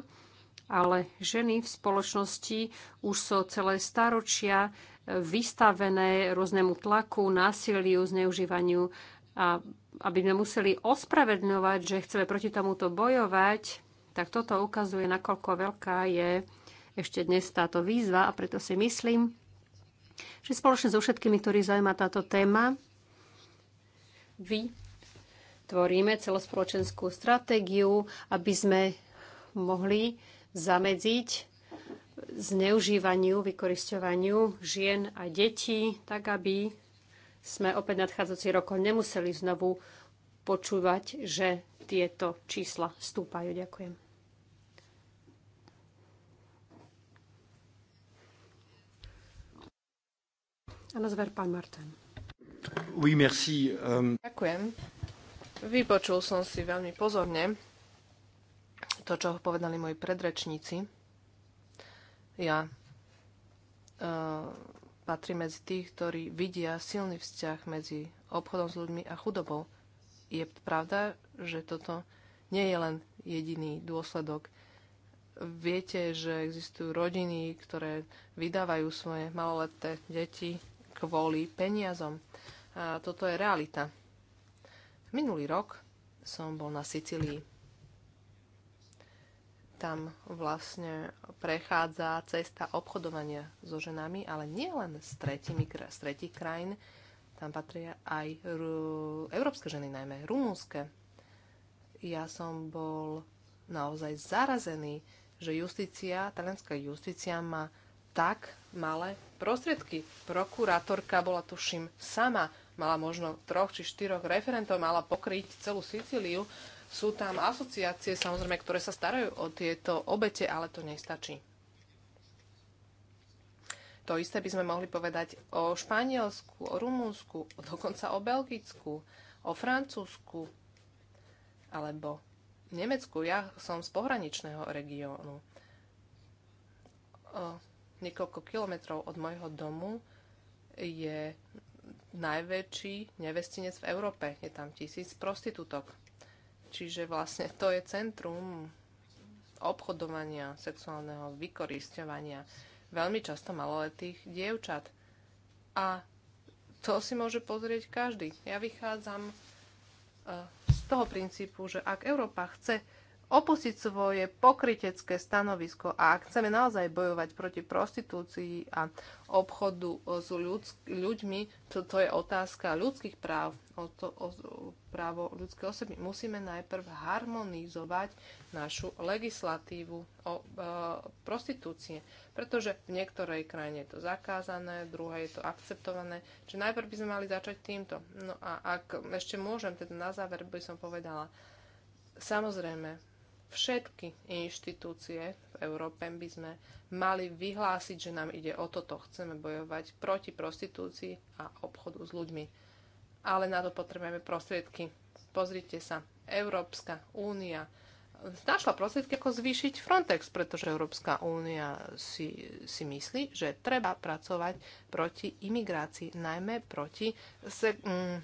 Speaker 2: ale ženy v spoločnosti už sú celé staročia e, vystavené rôznemu tlaku, násiliu, zneužívaniu a aby sme museli ospravedňovať, že chceme proti tomuto bojovať, tak toto ukazuje, nakoľko veľká je ešte dnes táto výzva a preto si myslím, že spoločne so všetkými, ktorí zaujíma táto téma, vy tvoríme celospoločenskú stratégiu, aby sme mohli zamedziť zneužívaniu, vykoristovaniu žien a detí, tak aby sme opäť nadchádzajúci rokov nemuseli znovu počúvať, že tieto čísla stúpajú. Ďakujem.
Speaker 1: A na zver pán Martin.
Speaker 3: Oui, merci. Um...
Speaker 1: Ďakujem. Vypočul som si veľmi pozorne to, čo povedali moji predrečníci. Ja uh, patrí medzi tých, ktorí vidia silný vzťah medzi obchodom s ľuďmi a chudobou. Je pravda, že toto nie je len jediný dôsledok. Viete, že existujú rodiny, ktoré vydávajú svoje maloleté deti kvôli peniazom. A toto je realita. Minulý rok som bol na Sicílii tam vlastne prechádza cesta obchodovania so ženami, ale nie len z, tretimi, z tretich krajín, tam patria aj európske ženy, najmä rumúnske. Ja som bol naozaj zarazený, že justícia, talianská justícia má tak malé prostriedky. Prokurátorka bola, tuším, sama, mala možno troch či štyroch referentov, mala pokryť celú Sicíliu, sú tam asociácie, samozrejme, ktoré sa starajú o tieto obete, ale to nestačí. To isté by sme mohli povedať o Španielsku, o Rumúnsku, dokonca o Belgicku, o Francúzsku alebo Nemecku. Ja som z pohraničného regiónu. O niekoľko kilometrov od môjho domu je najväčší nevestinec v Európe. Je tam tisíc prostitútok. Čiže vlastne to je centrum obchodovania, sexuálneho vykoristovania veľmi často maloletých dievčat. A to si môže pozrieť každý. Ja vychádzam eh, z toho princípu, že ak Európa chce opustiť svoje pokrytecké stanovisko a ak chceme naozaj bojovať proti prostitúcii a obchodu e, s ľudsk- ľuďmi, to, to je otázka ľudských práv, o to, o, právo ľudské osoby, musíme najprv harmonizovať našu legislatívu o e, prostitúcie, pretože v niektorej krajine je to zakázané, v druhej je to akceptované, čiže najprv by sme mali začať týmto. No a ak ešte môžem, teda na záver by som povedala, samozrejme, všetky inštitúcie v Európe by sme mali vyhlásiť, že nám ide o toto. Chceme bojovať proti prostitúcii a obchodu s ľuďmi. Ale na to potrebujeme prostriedky. Pozrite sa, Európska únia našla prostriedky, ako zvýšiť Frontex, pretože Európska únia si, si myslí, že treba pracovať proti imigrácii, najmä proti se, mm,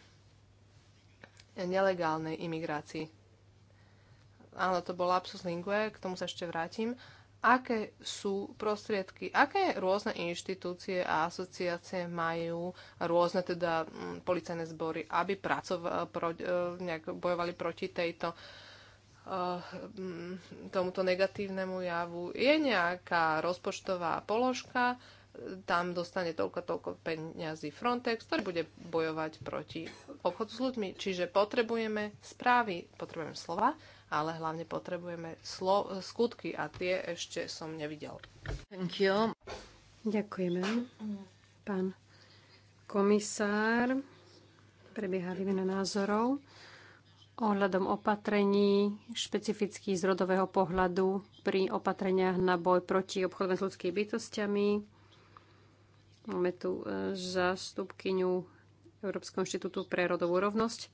Speaker 1: nelegálnej imigrácii áno, to bol lapsus lingue, k tomu sa ešte vrátim, aké sú prostriedky, aké rôzne inštitúcie a asociácie majú rôzne teda mm, policajné zbory, aby pracovali, eh, pro, eh, nejak bojovali proti tejto eh, mm, tomuto negatívnemu javu. Je nejaká rozpočtová položka, tam dostane toľko, toľko peňazí Frontex, ktorý bude bojovať proti obchodu s ľuďmi. Čiže potrebujeme správy, potrebujeme slova, ale hlavne potrebujeme skutky a tie ešte som nevidel.
Speaker 2: Thank you. Ďakujeme. Pán komisár, prebieha výmena názorov ohľadom opatrení špecifických z rodového pohľadu pri opatreniach na boj proti obchodom s ľudskými bytostiami. Máme tu e, zástupkyňu Európskeho inštitútu pre rodovú rovnosť.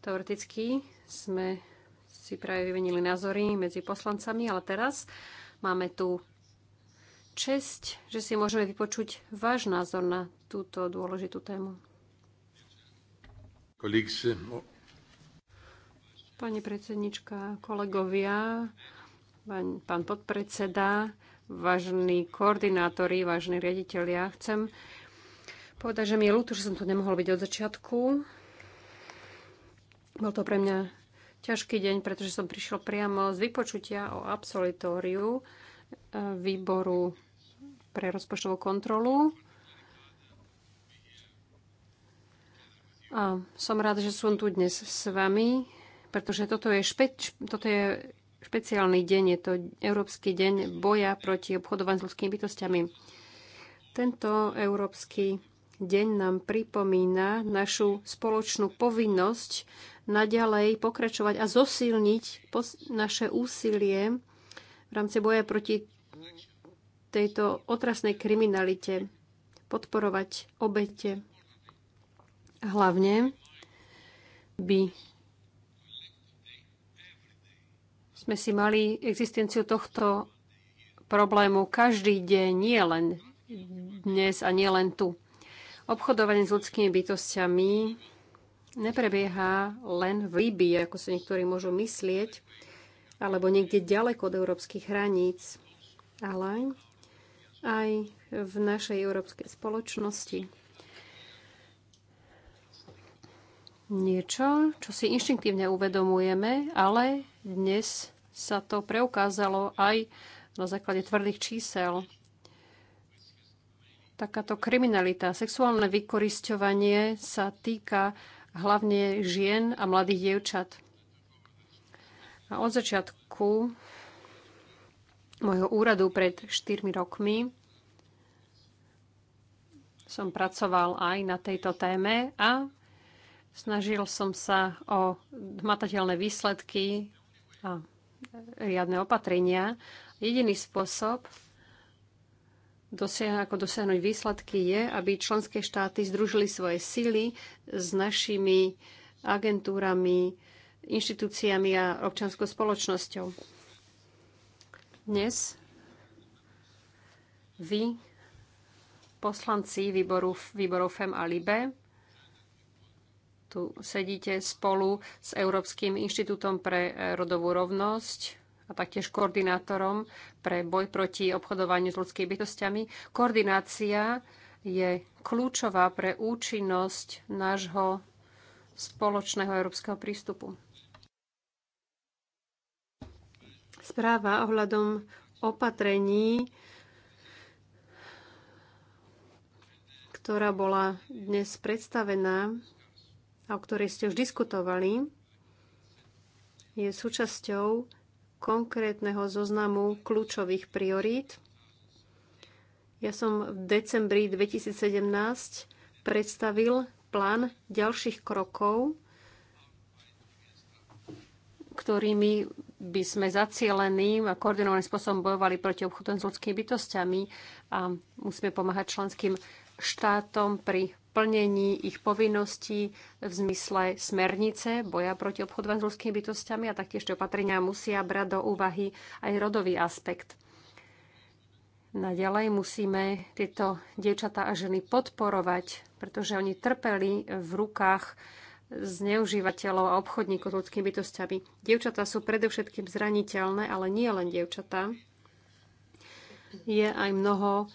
Speaker 2: Teoreticky sme si práve vyvenili názory medzi poslancami, ale teraz máme tu česť, že si môžeme vypočuť váš názor na túto dôležitú tému. Eh, Pani predsednička, kolegovia, pán, pán podpredseda, vážni koordinátori, vážni riaditeľia, chcem povedať, že mi je ľúto, že som tu nemohol byť od začiatku. Bol to pre mňa ťažký deň, pretože som prišiel priamo z vypočutia o absolitóriu eh, výboru pre rozpočtovú kontrolu. A som rád, že som tu dnes s vami, pretože toto je, špe- toto je špeciálny deň, je to Európsky deň boja proti obchodovaniu s ľudskými bytostiami. Tento Európsky deň nám pripomína našu spoločnú povinnosť naďalej pokračovať a zosilniť naše úsilie v rámci boja proti tejto otrasnej kriminalite, podporovať obete. hlavne by sme si mali existenciu tohto problému každý deň, nie len dnes a nie len tu. Obchodovanie s ľudskými bytostiami neprebieha len v Líbii, ako si niektorí môžu myslieť, alebo niekde ďaleko od európskych hraníc, ale aj v našej európskej spoločnosti. Niečo, čo si inštinktívne uvedomujeme, ale dnes sa to preukázalo aj na základe tvrdých čísel. Takáto kriminalita, sexuálne vykorisťovanie sa týka hlavne žien a mladých dievčat. A od začiatku môjho úradu pred 4 rokmi som pracoval aj na tejto téme a snažil som sa o hmatateľné výsledky a riadne opatrenia. Jediný spôsob, dosiahnuť, ako dosiahnuť výsledky, je, aby členské štáty združili svoje sily s našimi agentúrami, inštitúciami a občanskou spoločnosťou. Dnes vy, poslanci výboru, výborov FEM a LIBE, tu sedíte spolu s Európskym inštitútom pre eh, rodovú rovnosť, a taktiež koordinátorom pre boj proti obchodovaniu s ľudskými bytostiami. Koordinácia je kľúčová pre účinnosť nášho spoločného európskeho prístupu. Správa ohľadom opatrení, ktorá bola dnes predstavená a o ktorej ste už diskutovali, je súčasťou konkrétneho zoznamu kľúčových priorít. Ja som v decembri 2017 predstavil plán ďalších krokov, ktorými by sme zacieleným a koordinovaným spôsobom bojovali proti obchodom s ľudskými bytostiami a musíme pomáhať členským štátom pri plnení ich povinností v zmysle smernice boja proti obchodovaniu s ľudskými bytostiami a taktiež opatrenia musia brať do úvahy aj rodový aspekt. Naďalej musíme tieto dievčatá a ženy podporovať, pretože oni trpeli v rukách zneužívateľov a obchodníkov s ľudskými bytostiami. Dievčatá sú predovšetkým zraniteľné, ale nie len dievčatá. Je aj mnoho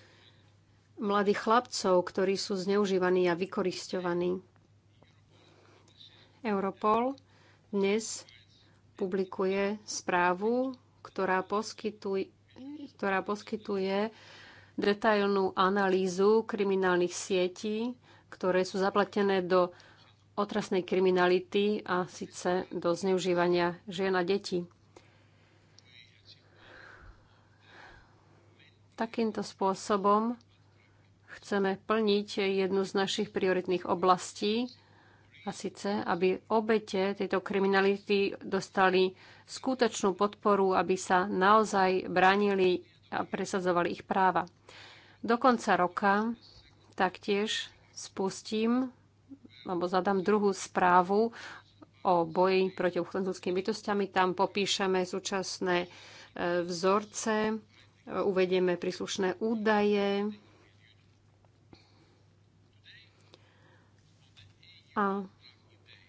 Speaker 2: mladých chlapcov, ktorí sú zneužívaní a vykoristovaní. Europol dnes publikuje správu, ktorá poskytuje, ktorá poskytuje detailnú analýzu kriminálnych sietí, ktoré sú zaplatené do otrasnej kriminality a síce do zneužívania žien a detí. Takýmto spôsobom chceme plniť jednu z našich prioritných oblastí, a síce, aby obete tejto kriminality dostali skutočnú podporu, aby sa naozaj bránili a presadzovali ich práva. Do konca roka taktiež spustím alebo zadám druhú správu o boji proti obchodu bytostiami. Tam popíšeme súčasné e, vzorce, e, uvedieme príslušné údaje, A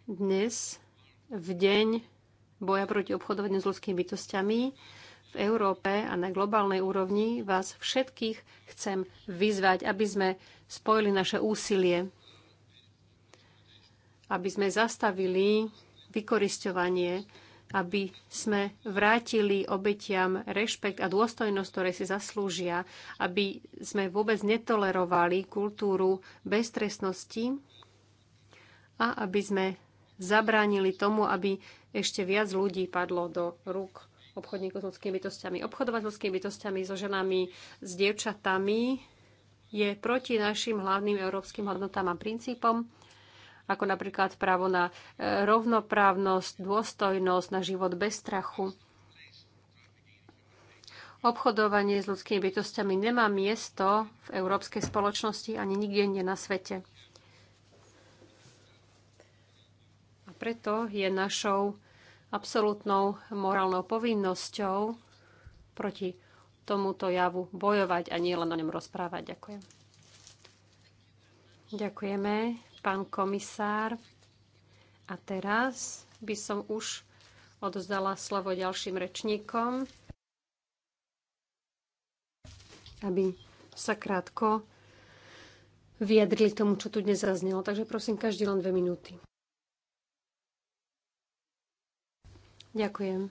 Speaker 2: dnes, v deň boja proti obchodovaniu s ľudskými bytostiami, v Európe a na globálnej úrovni vás všetkých chcem vyzvať, aby sme spojili naše úsilie, aby sme zastavili vykorisťovanie, aby sme vrátili obetiam rešpekt a dôstojnosť, ktoré si zaslúžia, aby sme vôbec netolerovali kultúru beztrestnosti a aby sme zabránili tomu, aby ešte viac ľudí padlo do rúk obchodníkov s ľudskými bytostiami. Obchodovať s ľudskými bytostiami, so ženami, s dievčatami je proti našim hlavným európskym hodnotám a princípom, ako napríklad právo na e, rovnoprávnosť, dôstojnosť, na život bez strachu. Obchodovanie s ľudskými bytostiami nemá miesto v európskej spoločnosti ani nikde inde na svete. Preto je našou absolútnou morálnou povinnosťou proti tomuto javu bojovať a nie len o ňom rozprávať. Ďakujem. Ďakujeme, pán komisár. A teraz by som už odozdala slovo ďalším rečníkom, aby sa krátko vyjadrili tomu, čo tu dnes zaznelo. Takže prosím, každý len dve minúty. Ďakujem.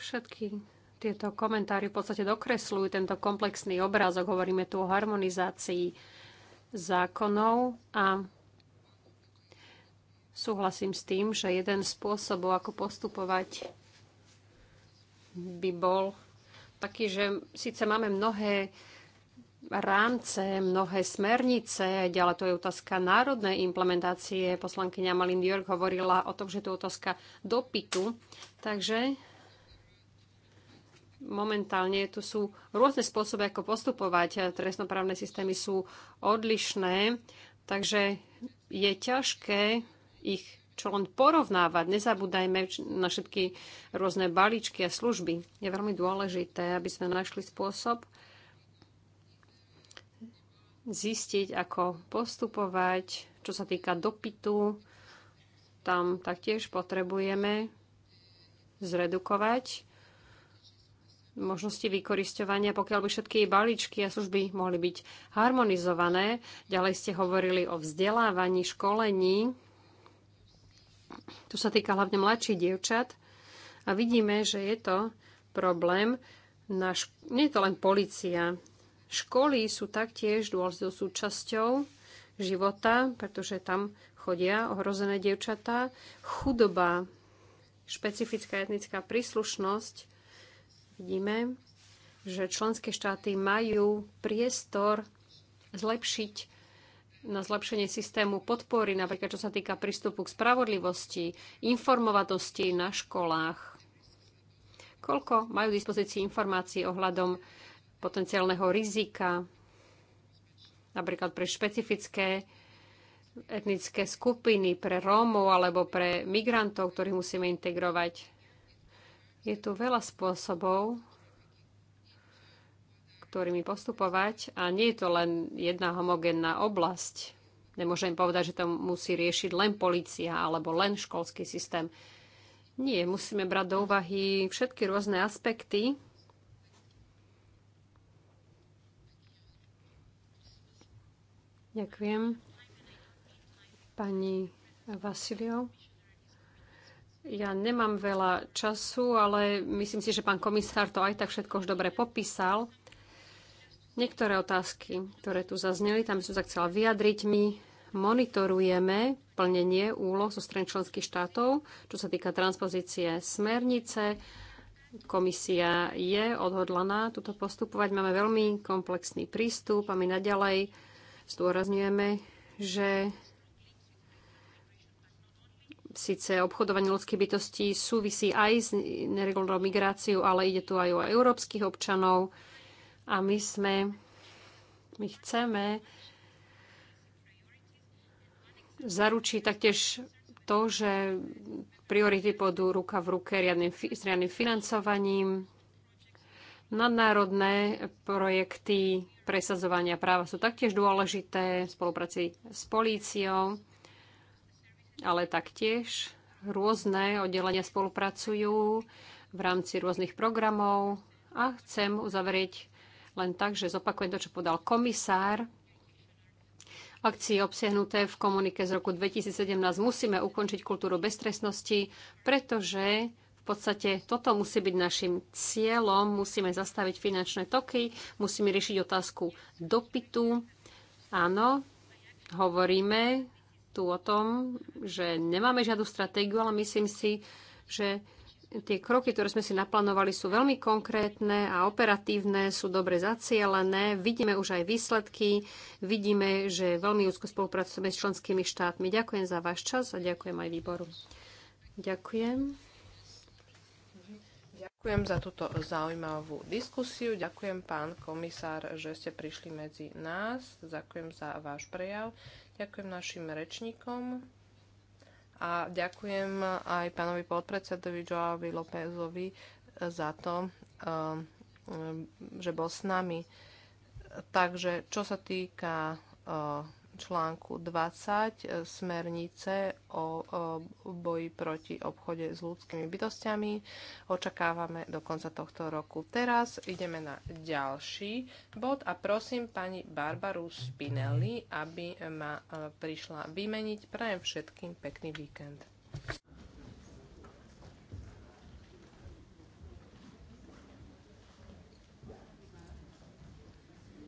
Speaker 2: Všetky tieto komentáry v podstate dokresľujú tento komplexný obrázok. Hovoríme tu o harmonizácii zákonov a súhlasím s tým, že jeden spôsobov, ako postupovať, by bol taký, že síce máme mnohé rámce, mnohé smernice, ďalej to je otázka národnej implementácie. Poslankyňa Malin Dior hovorila o tom, že to je otázka dopytu. Takže momentálne tu sú rôzne spôsoby, ako postupovať. Trestnoprávne systémy sú odlišné, takže je ťažké ich čo len porovnávať. Nezabúdajme na všetky rôzne balíčky a služby. Je veľmi dôležité, aby sme našli spôsob, zistiť, ako postupovať, čo sa týka dopytu. Tam taktiež potrebujeme zredukovať možnosti vykoristovania, pokiaľ by všetky balíčky a služby mohli byť harmonizované. Ďalej ste hovorili o vzdelávaní, školení. Tu sa týka hlavne mladších dievčat. A vidíme, že je to problém. nie je to len policia, Školy sú taktiež dôležitou súčasťou života, pretože tam chodia ohrozené dievčatá. Chudoba, špecifická etnická príslušnosť. Vidíme, že členské štáty majú priestor zlepšiť na zlepšenie systému podpory, napríklad čo sa týka prístupu k spravodlivosti, informovatosti na školách. Koľko majú dispozícii informácií ohľadom potenciálneho rizika, napríklad pre špecifické etnické skupiny, pre Rómov alebo pre migrantov, ktorých musíme integrovať. Je tu veľa spôsobov, ktorými postupovať a nie je to len jedna homogénna oblasť. Nemôžem povedať, že to musí riešiť len policia alebo len školský systém. Nie, musíme brať do úvahy všetky rôzne aspekty Ďakujem. Pani Vasilio. Ja nemám veľa času, ale myslím si, že pán komisár to aj tak všetko už dobre popísal. Niektoré otázky, ktoré tu zazneli, tam by som sa chcela vyjadriť. My monitorujeme plnenie úloh zo strany členských štátov, čo sa týka transpozície smernice. Komisia je odhodlaná tuto postupovať. Máme veľmi komplexný prístup a my naďalej Zdôrazňujeme, že síce obchodovanie ľudských bytostí súvisí aj s neregulárnou migráciou, ale ide tu aj o európskych občanov a my sme, my chceme zaručiť taktiež to, že priority pôjdu ruka v ruke riadnym, s riadnym financovaním, nadnárodné projekty presadzovania práva sú taktiež dôležité v spolupráci s políciou, ale taktiež rôzne oddelenia spolupracujú v rámci rôznych programov a chcem uzavrieť len tak, že zopakujem to, čo podal komisár. Akcie obsiahnuté v komunike z roku 2017 musíme ukončiť kultúru beztresnosti, pretože podstate toto musí byť našim cieľom. Musíme zastaviť finančné toky, musíme riešiť otázku dopytu. Áno, hovoríme tu o tom, že nemáme žiadnu stratégiu, ale myslím si, že tie kroky, ktoré sme si naplánovali, sú veľmi konkrétne a operatívne, sú dobre zacielené. Vidíme už aj výsledky, vidíme, že veľmi úzko spolupracujeme s členskými štátmi. Ďakujem za váš čas a ďakujem aj výboru. Ďakujem.
Speaker 1: Ďakujem za túto zaujímavú diskusiu. Ďakujem, pán komisár, že ste prišli medzi nás. Ďakujem za váš prejav. Ďakujem našim rečníkom. A ďakujem aj pánovi podpredsedovi Joavi Lópezovi za to, um, že bol s nami. Takže čo sa týka uh, článku 20 e, smernice o, e, boji proti obchode s ľudskými bytostiami. Očakávame do konca tohto roku. Teraz ideme na ďalší bod a prosím pani Barbaru Spinelli, aby ma e, prišla vymeniť. Prajem všetkým pekný víkend.